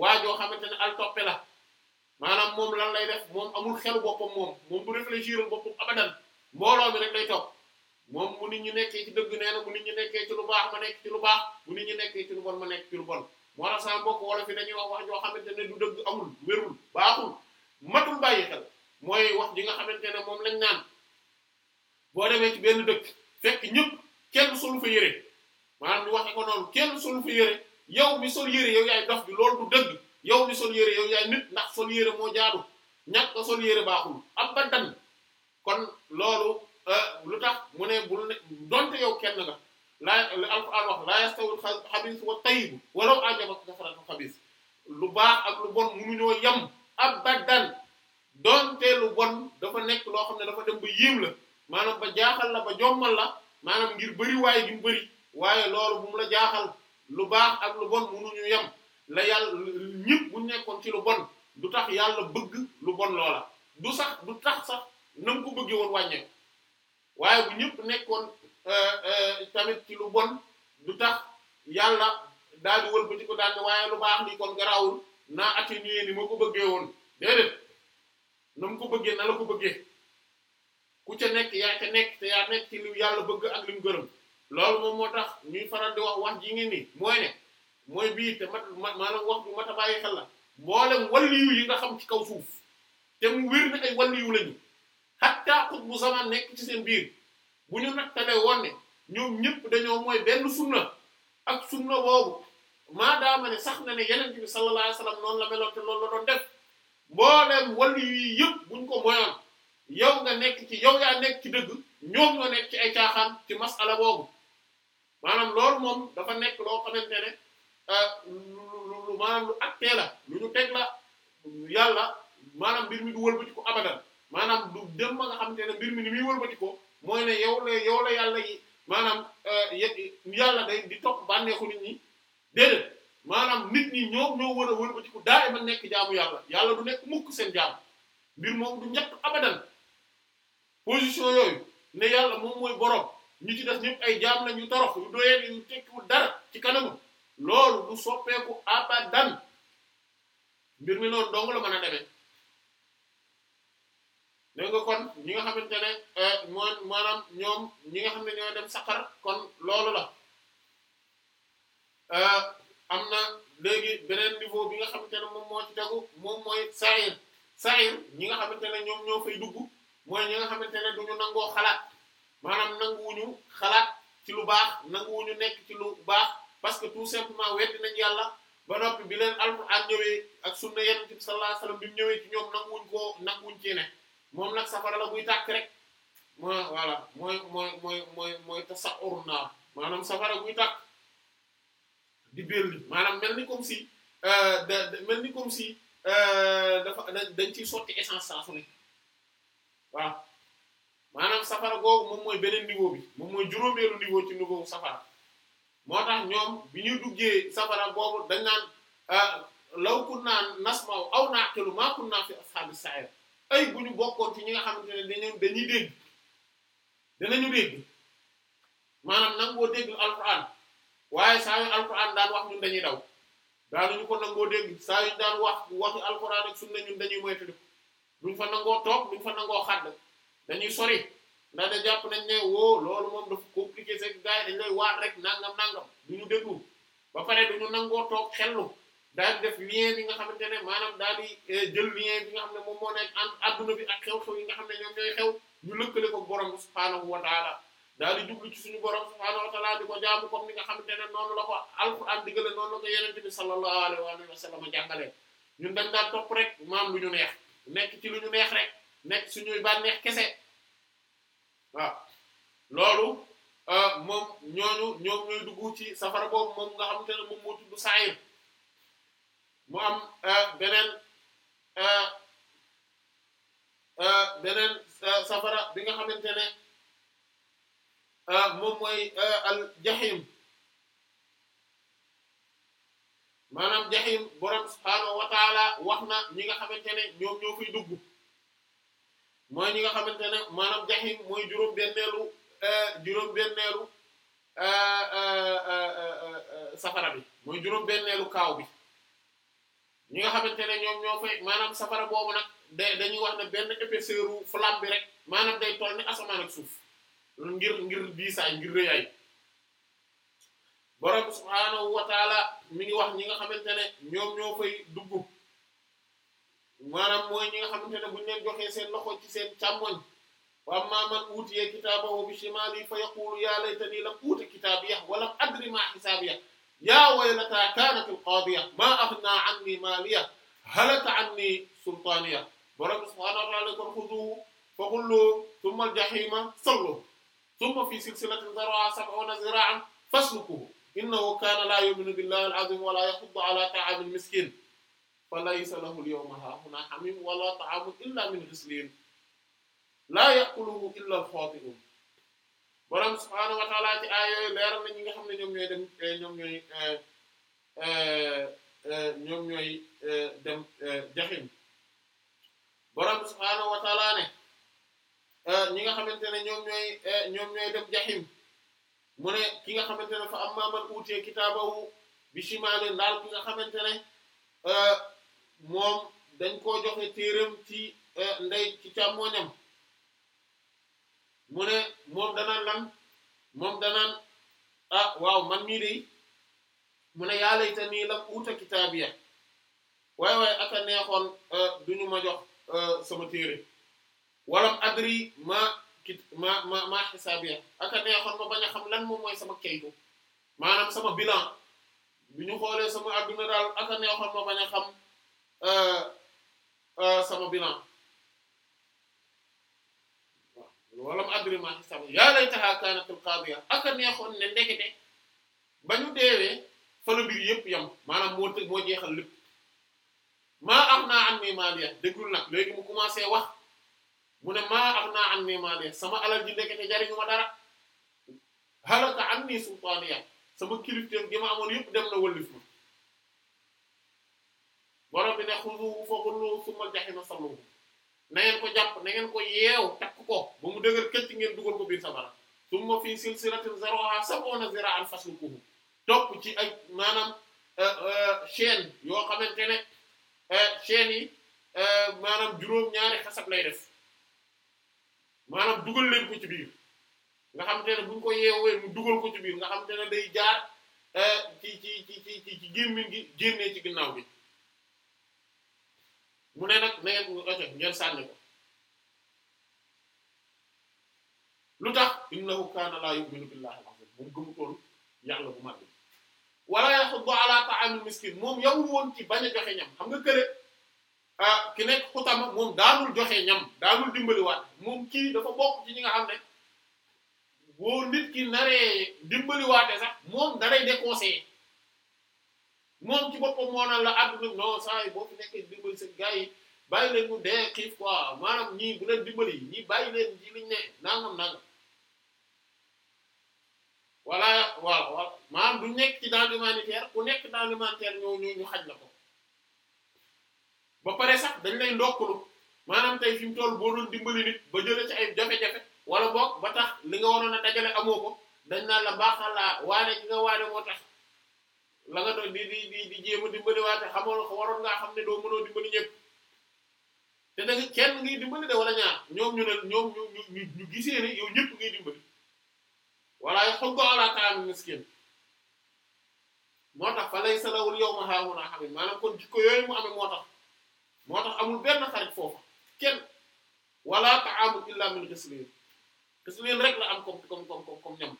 Speaker 1: waa joo xamante ne al toppe la maanaam moom lan lay def moom amul xelu boppam moom moom bu réfléchir boppam abadan mbooloo mi rek lay toog moom bu nit ñi nekkee ci dëgg nee na bu nit ñi nekkee ci lu baax ma nekk ci lu baax bu nit nekkee ci lu bon ma nekk ci lu bon moo tax sama mbokk fi dañuy wax wax joo xamante ne du dëgg amul wérul baaxul matul bàyyi xel mooy wax ji nga xamante ne moom lañ naan boo demee ci benn dëkk fekk ñëpp kenn solu fa yére maanaam ñu waxe ko noonu kenn solu fa yére yow mi sol yére yow yaay dof bi loolu du dëgg yow mi sol yére yow yaay nit ndax sol yére moo jaadu ñàkk ko sol yére baaxul abadan kon loolu euh, lu tax mu ne bul ne donte yow kenn nga laa alquran wax laa yastawul xabis wa tayyib walaw ajabaka kasratu lu baax ak lu bon munuñoo yem abadan donte lu bon dafa nekk loo xam ne dafa dem ba yéem la maanaam ba jaaxal la ba jommal la maanaam ngir bëri waaye gi bëri waaye loolu bu la jaaxal lu baax ak lu bon munuñu yem la yàlla ñëpp bu nekkoon ci lu bon du tax yàlla bëgg lu bon loola du sax du tax sax na nga ko bëggee woon wàññeeku waaye bu nekkoon euh, euh, tamit ci lu bon du tax yàlla daal di wëlbati ko daal di waaye lu baax ni kon garaawul na atténuer ni ma ko bëggee woon déedéet na mu ko bëggee na la ko bëggee ku ca nekk yaa ca nekk te yaa nekk ci li yàlla bëgg ak li mu gërëm loolu moom moo tax ñuy faral di wax wax ji ngeen ni mooy ne. mooy bii te mat maanaam wax bu mat a bàyyi xel la mboolem waliyu yi nga xam ci kaw suuf te mu wér na ay waliyu lañu hatta qutbu zaman nekk ci seen biir bu ñu nattale woon ne ñoom ñëpp dañoo mooy benn sunna ak sunna boobu maadaama ne sax na ne yeneen bi sallallahu alayhi wasallam noonu la meloon te loolu la doon def mboolem waliyu yi yëpp buñ ko moyoon yow nga nekk ci yow yaa nekk ci dëgg ñoom ñoo nekk ci ay caaxaan ci masala boobu maanaam loolu moom dafa nekk loo xamante ne. lu lu maanaam lu acté la lu ñu teg la yàlla maanaam mbir mi du wëlbati ko abadan maanaam du dem ba nga xamante ne mbir mi ni muy wëlbati ko mooy ne yow la yow la yàlla yi maanaam yàlla day di topp bànneexu nit ñi déedéet maanaam nit ñi ñoom ñoo war a wëlbati ko daay ma nekk jaamu yàlla yàlla du nekk mukk seen jaamu mbir moom du ñett abadan position yooyu ne yàlla moom mooy borom ñu ci des ñëpp ay jaam la ñu torox yu doyee yu tekkiwul dara ci kanamu. loolu du soppeeku abadan mbir mi loolu dong la mën a demee dégg kon ñi nga xamante ne eh, mooy maanaam ñoom ñi nga xam ne ñoo dem saqar kon loolu la eh, am na léegi beneen niveau bi nga xamante ne moom moo ci tegu moom mooy saayir saayir ñi nga xamante ne ñoom ñoo fay dugg mooy ñi nga xamante ne duñu nangoo xalaat maanaam nanguwuñu xalaat ci lu baax nanguwuñu nekk ci lu baax parce que tout simplement weddi nañ yàlla ba noppi bi leen alxuraan ñëwee ak sunna yonent bi ñëwee ci ñoom nag wuñ koo nag wuñ ci ne moom nag safara la buy tàkk rek moo voilà mooy mooy mooy mooy mooy tasawur naar maanaam safara buy maanaam mel euh, mel ni euh, ciy sotti essence saa su ne waaw maanaam safara googu moom mooy beneen niveau bi moom mooy juróomeelu niveau ci niveau safara moo tax ñoom bi ñuy duggee sabara boobu dañ naan euh, law kunna nasma'u aw naqilu ma kunna fi ashabis sa'ir ay bu ñu bokkoon ci ñi nga xam ne dañu dañuy dégg danañu dégg maanaam nangoo dégg alquran waaye saa yu alquran daan wax ñun dañuy daw daanuñu ko nangoo dégg saa yu daan wax waxi alquran ak sunna ñun dañuy moytu duñ fa nangoo toog duñ fa nangoo xàdd dañuy sori ndax da jàpp nañ ne woo loolu moom dafa compliqué seen gars yi dañ lay waat rek nangam nangam du ñu déglu ba pare du ñu nangoo toog xellu daal def lien bi nga xamante ne maanaam daal di eh, jël lien bi nga xam ne moom moo nekk adduna bi ak xew-xew yi nga xam ne ñoom ñooy xew ñu lëkkale ko borom subhaanahu wa taala daal di jublu ci suñu borom subhaanahu wa taala di ko jaamu comme ni nga xam ne noonu la ko alquran digale noonu la ko yonent bi sallallahu alayhi wa sallam jàngale ñun dañ daan lu ñu neex nekk ci lu ñu neex rek nekk waaw loolu euh, moom ñooñu ñoom ñooy dugg ci safara boobu moom nga xamante ne moom moo tudd saayir mu am euh, beneen euh, beneen safara bi nga xamante ne moom mooy jaxiim maanaam jaxiim borom subhaanahu wa wax na ñi nga xamante ne ñoom ñoo fiy dugg. mooy ñi nga xamante ne maanaam jaxim mooy juróom benneelu euh, juróom benneelu euh, euh, safara bi mooy juróom benneelu kaaw bi ñi nga xamante ne ñoom ñoo fay maanaam safara boobu nag dañuy wax ne benn épaisseur u flamme bi rek maanaam day toll ni asamaan ak suuf ngir ngir diisaay ngir rëyaay borom subhaanahu wa mi ngi wax ñi nga xamante ne ñoom ñoo fay dugg maanaam mooy ñi nga xamante ne bu ñu leen joxee seen loxo ci seen càmmoñ wa ammaa man uutiya kitaabahu bi shimaalihi fa yaquulu yaa laytanii lam uuta kitaabiya wa lam adri maa hisaabiya yaa waylataa kaanatil qaadiya maa aghnaa annii maaliya halaka annii sultaaniya borom subhaanahu wa ta'aala kon xuduuhu fa xulluuhu thumma al-jahiima salluuhu thumma fii silsilatin zar'uhaa sab'uuna ziraa'an faslukuuhu innahu kaana laa yu'minu billaahi al-'aziim wa laa yahuddu 'alaa ta'aamil miskiin fa laysa lahu al-yawma haahunaa hamiim wala ta'aamun illaa min ghasliin laa ya'kuluhu illa al-xaati'uun borom subhaanahu wa ta'aala ci aaya yooyu leeral ñi nga xam ne ñoom ñooy dem eh, ñoom eh, eh, jaxim borom subhaanahu wa ne ñi nga xamante ne ñoom ñooy dem jaxim mu ne ki nga xamante ne fa ammaa man uutiya kitaabahu bi shimaalihi ndaal ki nga xamante ne. moom dañ koo joxe téeram ci eh, ndey ci càmmoñam mu ne moom danaan lan moom danaan ah waaw man mii mu ne yaa layta nii lam uuta kitaabiya waaye waaye aka neexoon eh, duñu ma jox eh, sama téere walam adri ma ma ma ma xisaabiya aka neexoon ma bañ xam lan moom mooy sama kaydu maanaam sama bilan bi ñu xoolee sama adduna daal aka neexoon ma bañ xam Euh, euh, sama bilan wala mu adri ma hisab yaa laytahaa kaanatil qaadiya ak a neexoon ne ndekete ba ñu deewee fa la mbir yëpp yam maanaam moo të moo jeexal lépp maa aghnaa annii maaliya déggul nag léegi mu commencé wax mu ne maa aghnaa annii maaliya sama alal ji ndekete jariñu ma dara halaka annii sultaaniya sama kilifteem gi ma amoon yëpp dem na wëllif ma borom bi ne xuduuhu fa xulluuhu summa jahiima salluuhu na ngeen ko jàpp na ko yeew takk ko ba mu dëgër këcc ngeen dugal ko biir safara summa fii silsilatin zar'uhaa sab'uuna ziraa'an faslukuuhu topp ci ay maanaam euh, euh, chaîne yoo xamante ne euh, yi maanaam juróom-ñaari xasab lay def maanaam dugal leen ku ci biir nga xamante ne bu ko yeewee mu dugal ko ci biir nga xamante ne day jaar ci ci ci ci ci gémmiñ gi génnee ci ginnaaw bi. mu ne nag na ngeen ko joxe ngeen sànni ko lu tax innahu kaana laa yu'minu billahi al-azim moom gëmutoon yàlla bu mag wala yaxuddu ala ta'amil miskin moom yawul woon ci bañ a joxe ñam xam nga këre ah ki nekk xutama moom daanul joxe ñam daanul dimbaliwaat moom kii dafa bokk ci ñi nga xam ne boo nit ki naree dimbaliwaate sax moom da lay déconseillé moom ci boppam moo naan la àdduna non saa yi boo fi nekkee dimbali seen gars yi bàyyi leen mu dee xiif quoi maanaam ñii bu ñii bàyyi ne nangam nangam waaw maanaam du nekk ci dans l'humanitaire ku nekk dans l'humanitaire ñoo ñoo ñu xaj la ko ba pare sax dañ lay ndokkalu maanaam tey fi mu toll boo doon dimbali nit ba jëlee ci ay jafe-jafe wala boog ba tax li nga waroon a dajale amoo ko dañ naan la baaxal laa waane gi nga waane moo tax. la nga doon di di di di jéem a dimbali waate xamoon waroon ngaa xam te da kenn ngay dimbali de wala ñaar ñoom ñu ne ñoom ñu ñu ñu gisee ne yow ñëpp ngay dimbali wala xoggo ala taam miskin moo tax fa lay salawul yow ma haahunaa hamim maanaam kon jikko yooyu mu amee moo tax moo tax amul benn xarit foofu kenn wala ta'amul illa min ghislin ghislin rek la am comme comme comme ñam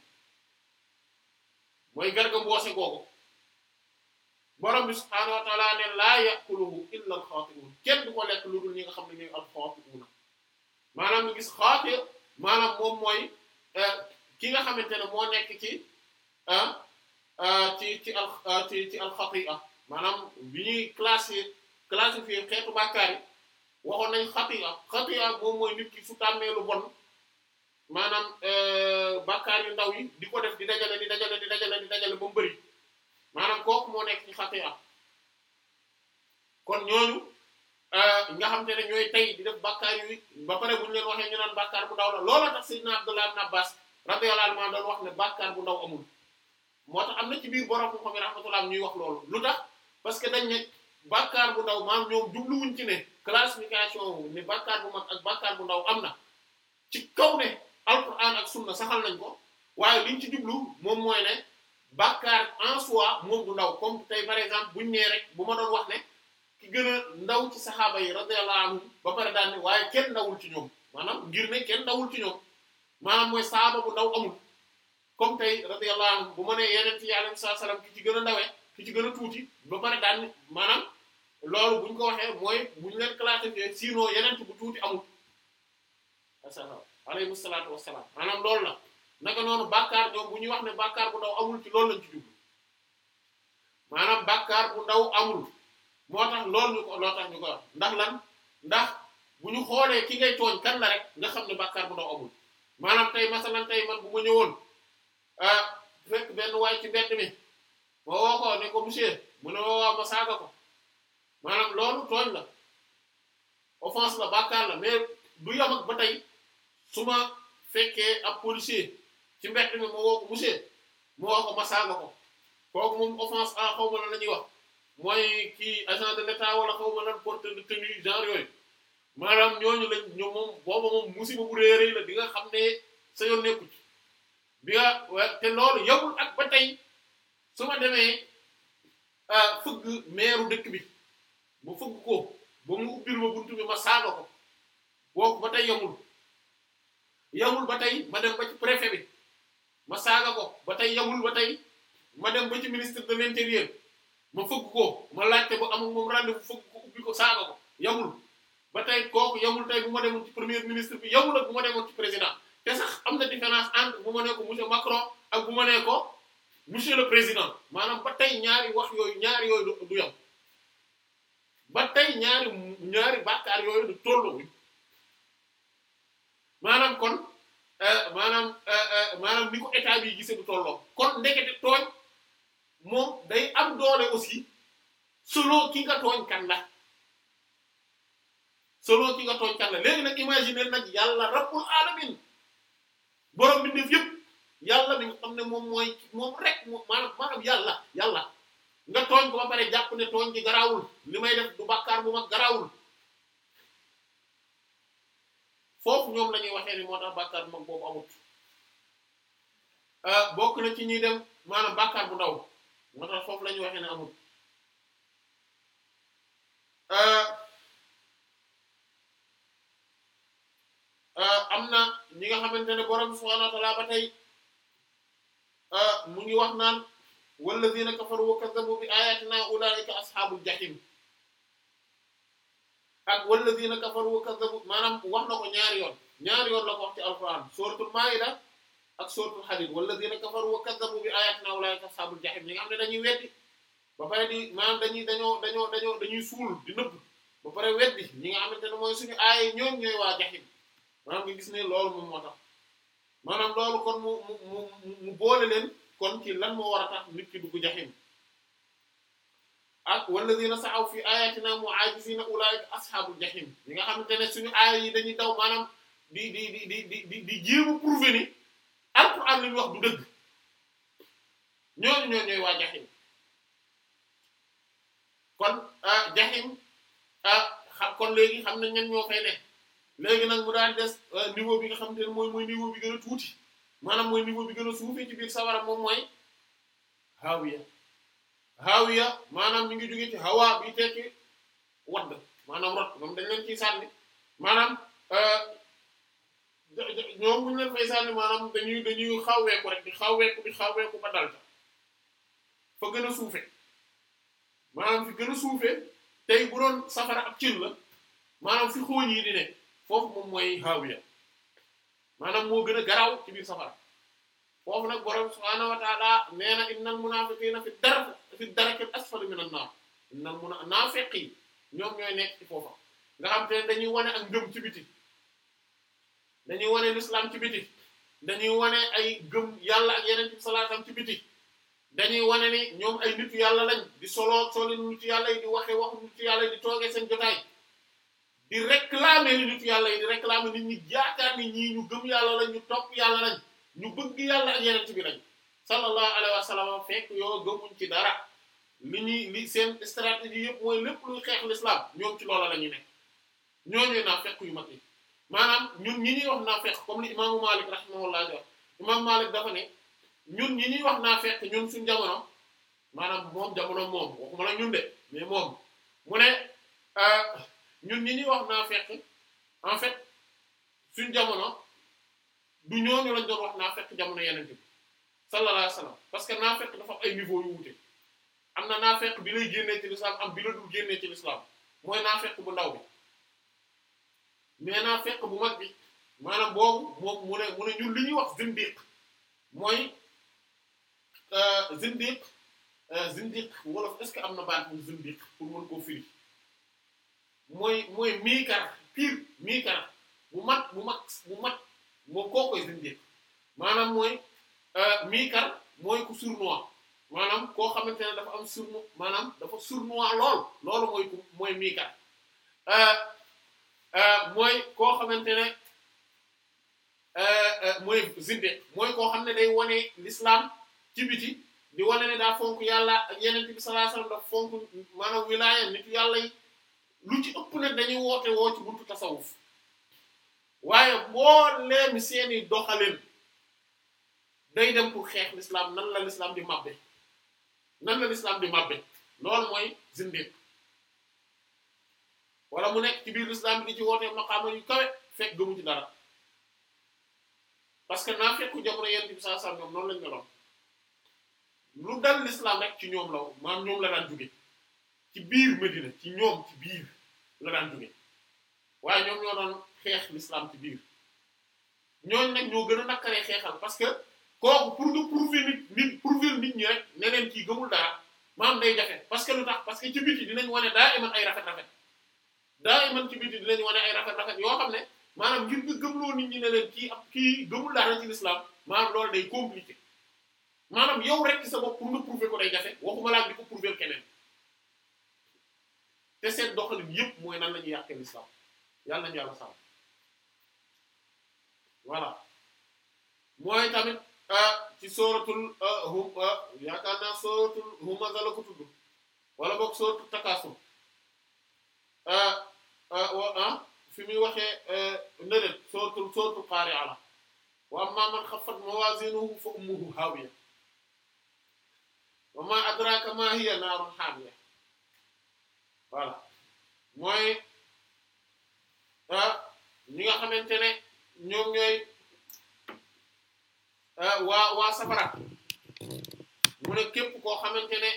Speaker 1: mooy garga mboose googu borom bi subhaanahu wa ta'aala ne laa ya'kuluhu illa al-xaati'uun kenn du ko lekk lu dul ñi nga xam ne ni al-xaati'uun maanaam ñu gis xaati maanaam moom mooy eh, ki nga xamante ne moo nekk ci ah, ah, ci ci al ah, ci ci al-xati'a maanaam bi ñuy classé classifier xeetu bàkkaar yi waxoon nañ xati'a xati'a moom mooy nit ki su tàmmee lu bon maanaam eh, bàkkaar yu ndaw yi di ko def di dajale di dajale di dajale di dajale ba mu bëri. maanaam kooku moo nekk ci xatiya kon ñooñu euh, nga xam te ne ñooy tay di def bàkkaar yu ba pare bu ñu leen waxee ñu naan bàkkaar bu ndaw la loola tax sayyidina Abdullah ibn Abbas radiyallahu anhu doon wax ne bàkkaar bu ndaw amul moo tax am na ci biir borom xam-xam yi ñuy wax loolu lu tax parce que dañ ne bàkkaar bu ndaw maam ñoom jubluwuñ ci ne classification wu ne bàkkaar bu mag ak bàkkaar bu ndaw am na ci kaw ne alquran ak sunna saxal nañ ko waaye liñ ci jublu bàkkaar en soi moom du ndaw comme tey par exemple buñ nee rek bu ma doon wax ne ki gën a ndaw ci saxaaba yi radiyallahu ba pare daan ni waaye kenn ndawul ci ñoom maanaam ngir ne kenn ndawul ci ñoom maanaam mooy saaba bu ndaw amul comme tey radiyallahu anhu bu ma nee yeneen ci yàlla sallallahu alayhi ki ci gën a ndawee ki ci gën a tuuti ba pare daan ne maanaam loolu buñ ko waxee mooy buñ leen classifié sinon yeneen bu tuuti amul asalaamaaleykum salaatu wassalaam maanaam loolu la naka noonu bàkkaar ñoom bu ñuy wax ne bàkkaar amul ci maanaam bàkkaar bu ndaw amul moo ndax lan ndax bu ñu xoolee ki ngay tooñ kan la rek nga xam ne bàkkaar bu ndaw amul maanaam tey masalan tey man bu ma ñëwoon ah, fekk benn waay ci mbedd mi ma woo ko ne ko monsieur mu ne ma ma saaga ko maanaam loolu tooñ la offense la bàkkaar la mais du yam ba tey su ma fekkee ab policier ci mbett mi ma woo ko monsieur mu woo ma saaga ko kooku moom offense en xaw ma lan la ñuy wax mooy kii agent de l'état wala xaw ma lan porteur de tenue genre yooyu maanaam ñooñu lañ ñoom moom booba moom musiba bu rëy rëy di nga xam ne sa yoon nekku ci bi nga te loolu yowul ak ba tey su ma demee fëgg meeru dëkk bi bu fëgg ko ba mu ubbil ma buntu bi ma saaga ko boobu ba tey yamul yamul ba tey ma dem ba ci ma saaga ko ba tay yamul ba tey ma dem ba ci ministre de l'intérieur ma fëgg ko ma laajte ba amul moom rendez-vous fëgg ko saaga ko yamul ba tey kooku yamul tey bu ma demoon ci premier ministre bi yamul ak bu ma demoon ci président te sax am na différence entre bu ma nee ko monsieur Macron ak bu ma nee ko monsieur le président maanaam ba tey ñaari wax yooyu ñaari yooyu du yam ba tey ñaari ñaari bàkkaar yooyu du tolluwuñ maanaam kon Euh, maanaam euh, euh, maanaam ni ko état bi gisee du tolloo kon ndekete tooñ moom day am doole aussi solo ki nga tooñ kan la selon ki nga tooñ kan la léegi nag imaginer nag yàlla rabbul alamin borom bi def yëpp yàlla mi nga xam ne moom mooy moom rek moom maanaam yàlla yàlla nga tooñ ko ba pare jàpp ne tooñ gi garaawul li may def du bàkkaar bu mag garaawul foofu ñoom la ñuy waxee ni moo tax bàkkaar bu mag boobu amut ah, bokk na ci ñuy dem maanaam bàkkaar bu ndaw moo tax foofu la ñuy a ne ah, ah, am na ñi nga xamante ne borom subhaanahu wa ta'aala ba tey mu ngi wax naan walladiina kafaru wa kazzabu bi aayaatinaa ulaa'ika ashaabul jahiim ak wallazina kafaru wa kazzabu maanaam wax na ko ñaari yoon ñaari yoon la ko wax ci alquran suratul maida ak soo suratul hadid wallazina kafaru wa kazzabu bi ayatina ulaika ashabul jahim ñi nga xam ne dañuy weddi ba pare di maanaam dañuy dañoo dañoo dañoo dañuy suul di nëbb ba pare weddi ñi nga xamante ne mooy suñu aaya ñoom ñooy waa jahim maanaam nga gis ne loolu moom moo tax maanaam loolu kon mu mu mu mu boole leen kon ci lan moo war a tax nit ki dugg jahim ak walladina sa'aw fi ayatina mu'ajizina ulaika ashabul jahim yi nga xamante ne suñu aaya yi dañuy daw maanaam di di di di di di jéemu prouver ni alquran li ñu wax du dëgg ñooñu ñoo waa jahim kon ah, jahim ah, kon léegi xam nañ ñen ñoo fay ne léegi nag mu daal des ah, niveau bi nga xamante ne mooy mooy niveau bi gën a tuuti maanaam mooy niveau bi gën a suufee ci biir sawara moom mooy yi hawiya maanaam mi ngi jóge ci hawa bi tekki wadd maanaam rot moom dañ leen ciy sànni maanaam euh, ñoom bu ñu leen fay sànni maanaam dañuy dañuy xawweeku rek di xawweeku di xawweeku ba dal ta fa gën a suufe maanaam fi gën a suufe tey bu doon safara ab cin la maanaam fi xooñ yi ne foofu moom mooy hawiya maanaam moo gën a garaaw ci biir safara foofu nag borom subhaanahu wa ta'ala nee na innal munaafiqiina fi dark fi darkil asfali minan naar innal munaafiqiin ñoom ñooy nekk ci foofa nga xam te dañuy wane ak ngëm ci biti dañuy wane l'islam ci biti dañuy wane ay gëm yàlla ak yeneen ci salaatam ci biti dañuy wane ni ñoom ay nitu yàlla lañ di solo solo nitu yàlla yi di waxe waxu nitu yàlla yi di toogee seen jotaay di réclamer nitu yàlla yi di réclamer nit ñi ñu gëm yàlla lañ ñu topp yàlla lañ ñu bëgg yàlla ak yeneen bi nañ sallallahu alayhi wa fekk yoo gëmuñ ci dara li ñuy li seen stratégie yëpp mooy lépp luy xeex l'islam ñoom ci loola la ñu ñoo ñooñuy naa fekk yu mag yi maanaam ñun ñi ñuy wax naa fekk comme li imaamu Malik rahimahullah di wax imaamu Malik dafa ne ñun ñi ñuy wax naa fekk ñun suñ jamono maanaam moom jamono moom waxuma la ñun de mais moom mu ne euh, ñun ñi ñuy wax naa fekk en fait suñ jamono du ñooñu lañ doon wax naa fekk jamono yenente bi sallallahu alayhi parce que naa ay am na naa fekk bi lay génnee ci l'islam am bi la dul mooy naa fekk bu ndaw bi mais naa fekk bu mag bi maanaam boobu mu ne mu ne li ñuy wax zindiq mooy euh, zindiq euh, zindiq wolof est-ce que am na baat bu zindiq pour mën koo firi mooy mooy miikar pire miikar bu mat bu mat bu mat moo koo koy zindiq maanaam mooy euh, miikar mooy ku sournois maanaam koo xamante ne dafa am sourno maanaam dafa sournois lool loolu mooy ku mooy miikar euh, euh, mooy koo xamante ne mooy zindiq mooy koo xam ne day wone l'islam ci biti di wane ne daa fonk yàlla ak yeneen bi sallallahu alayhi wasallam dafa fonk maanaam wilaaya nitu yàlla lu ci ëpp nag dañuy woote woo ci buntu tasawuf waaye boo leemi seeni doxalin day dem pour xeex l'islam nan la l'islam di mabbe nan la l'islam di mabbe loolu mooy zindiq wala mu nekk ci biir l'islam bi di ci wootee maqaama yu parce que naa fekku jamono yent bi saa saa ñoom noonu lañ meloon lu dal l'islam rek ci ñoom la maam ñoom la daan jóge ci biir Medina ci ñoom ci biir la daan jóge waaye ñoom ñoo doon xeex l'islam ci biir ñoo nag ñoo gën a nakkaree xeexal parce que kooku pour nga prouver nit nit prouver nit ñi rek neneen kii gëmul dara maam day jafe parce que lu tax parce que ci yi dinañ wane daa iman ay rafet rafet daa iman ci biti dinañ wane ay rafet rafet yoo xam ne maanaam ngir nga gëmloo nit ñi ne leen kii ab kii gëmul dara ci l'islam maanaam loolu day compliqué maanaam yow rek sa bopp pour nga prouver ko day jafe waxuma laa di ko prouver keneen te seen doxalin mooy nan la ñuy yàqee l'islam yàlla yàlla sàmm voilà mooy tamit ah, ci sooratul ah, hum ah, yaakaar naa sooratul wala boog sooratul Takaasum ah fi muy waxee eh, nële sooratul sooratul Qaari'a la wa ammaa man xaffat mawaaziinuhu fa ummuhu haawiya wa maa adraaka maa hiya naarun haamiya voilà mooy ñi nga xamante ne. ñoom ñooy euh, waa waa safara mu ne képp koo xamante ne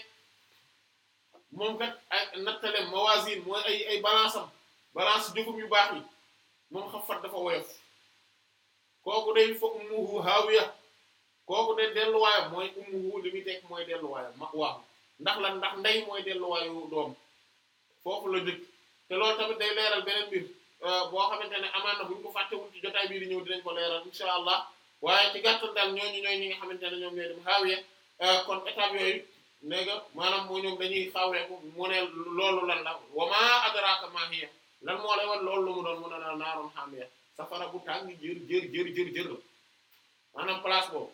Speaker 1: moom kat ay nattale mawazin mooy ay ay balance am balance jugum yu baax yi moom xafat dafa woyof kooku day fa ummuhu hawiya kooku de delluwaayam mooy ummuhu li muy teg mooy delluwaayam ma waaw ndax lan ndax ndey mooy delluwaayu doom foofu la dëkk te loolu tamit day leeral beneen mbir Euh, boo xamante ne amaan na buñ ko fàttewul ci jotaay bii di ñëw dinañ ko leeral insha allah waaye ci gàttal daal ñooñu ñooy ñi nga xamante ne ñoom ñooy dem xaawiya euh, kon étape yooyu nee nga maanaam moo ñoom dañuy xawee ko mu ne loolu lan la wa ma adraka ma hiya lan moo lay wan loolu lu mu doon mu ne la naaroon hamiya safara bu tàng jër jër jër jër jër la maanaam place boobu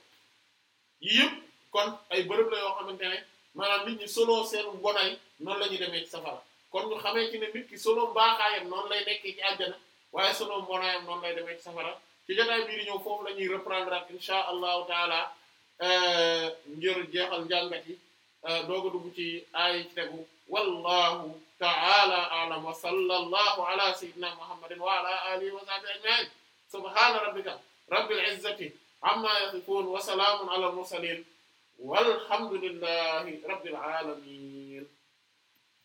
Speaker 1: yii kon ay bërëb la yoo xamante ne maanaam nit ñi solo seen mbonay noonu la ñuy demee ci safara kon ñu xamee ci ne nit ki selon mbaaxaayam noonu lay nekkee ci àjjana waaye selon mbonaayam noonu lay demee ci safara ci jotaay bii di ñëw foofu la ñuy reprendre ak insha allahu taala euh, ngir jeexal njàngat yi euh, doog a dugg ci aay ci tegu wallahu taala a'lam wa sallallahu ala wa ala alihi wa sahbihi ajma'in subhana rabbika rabbil izzati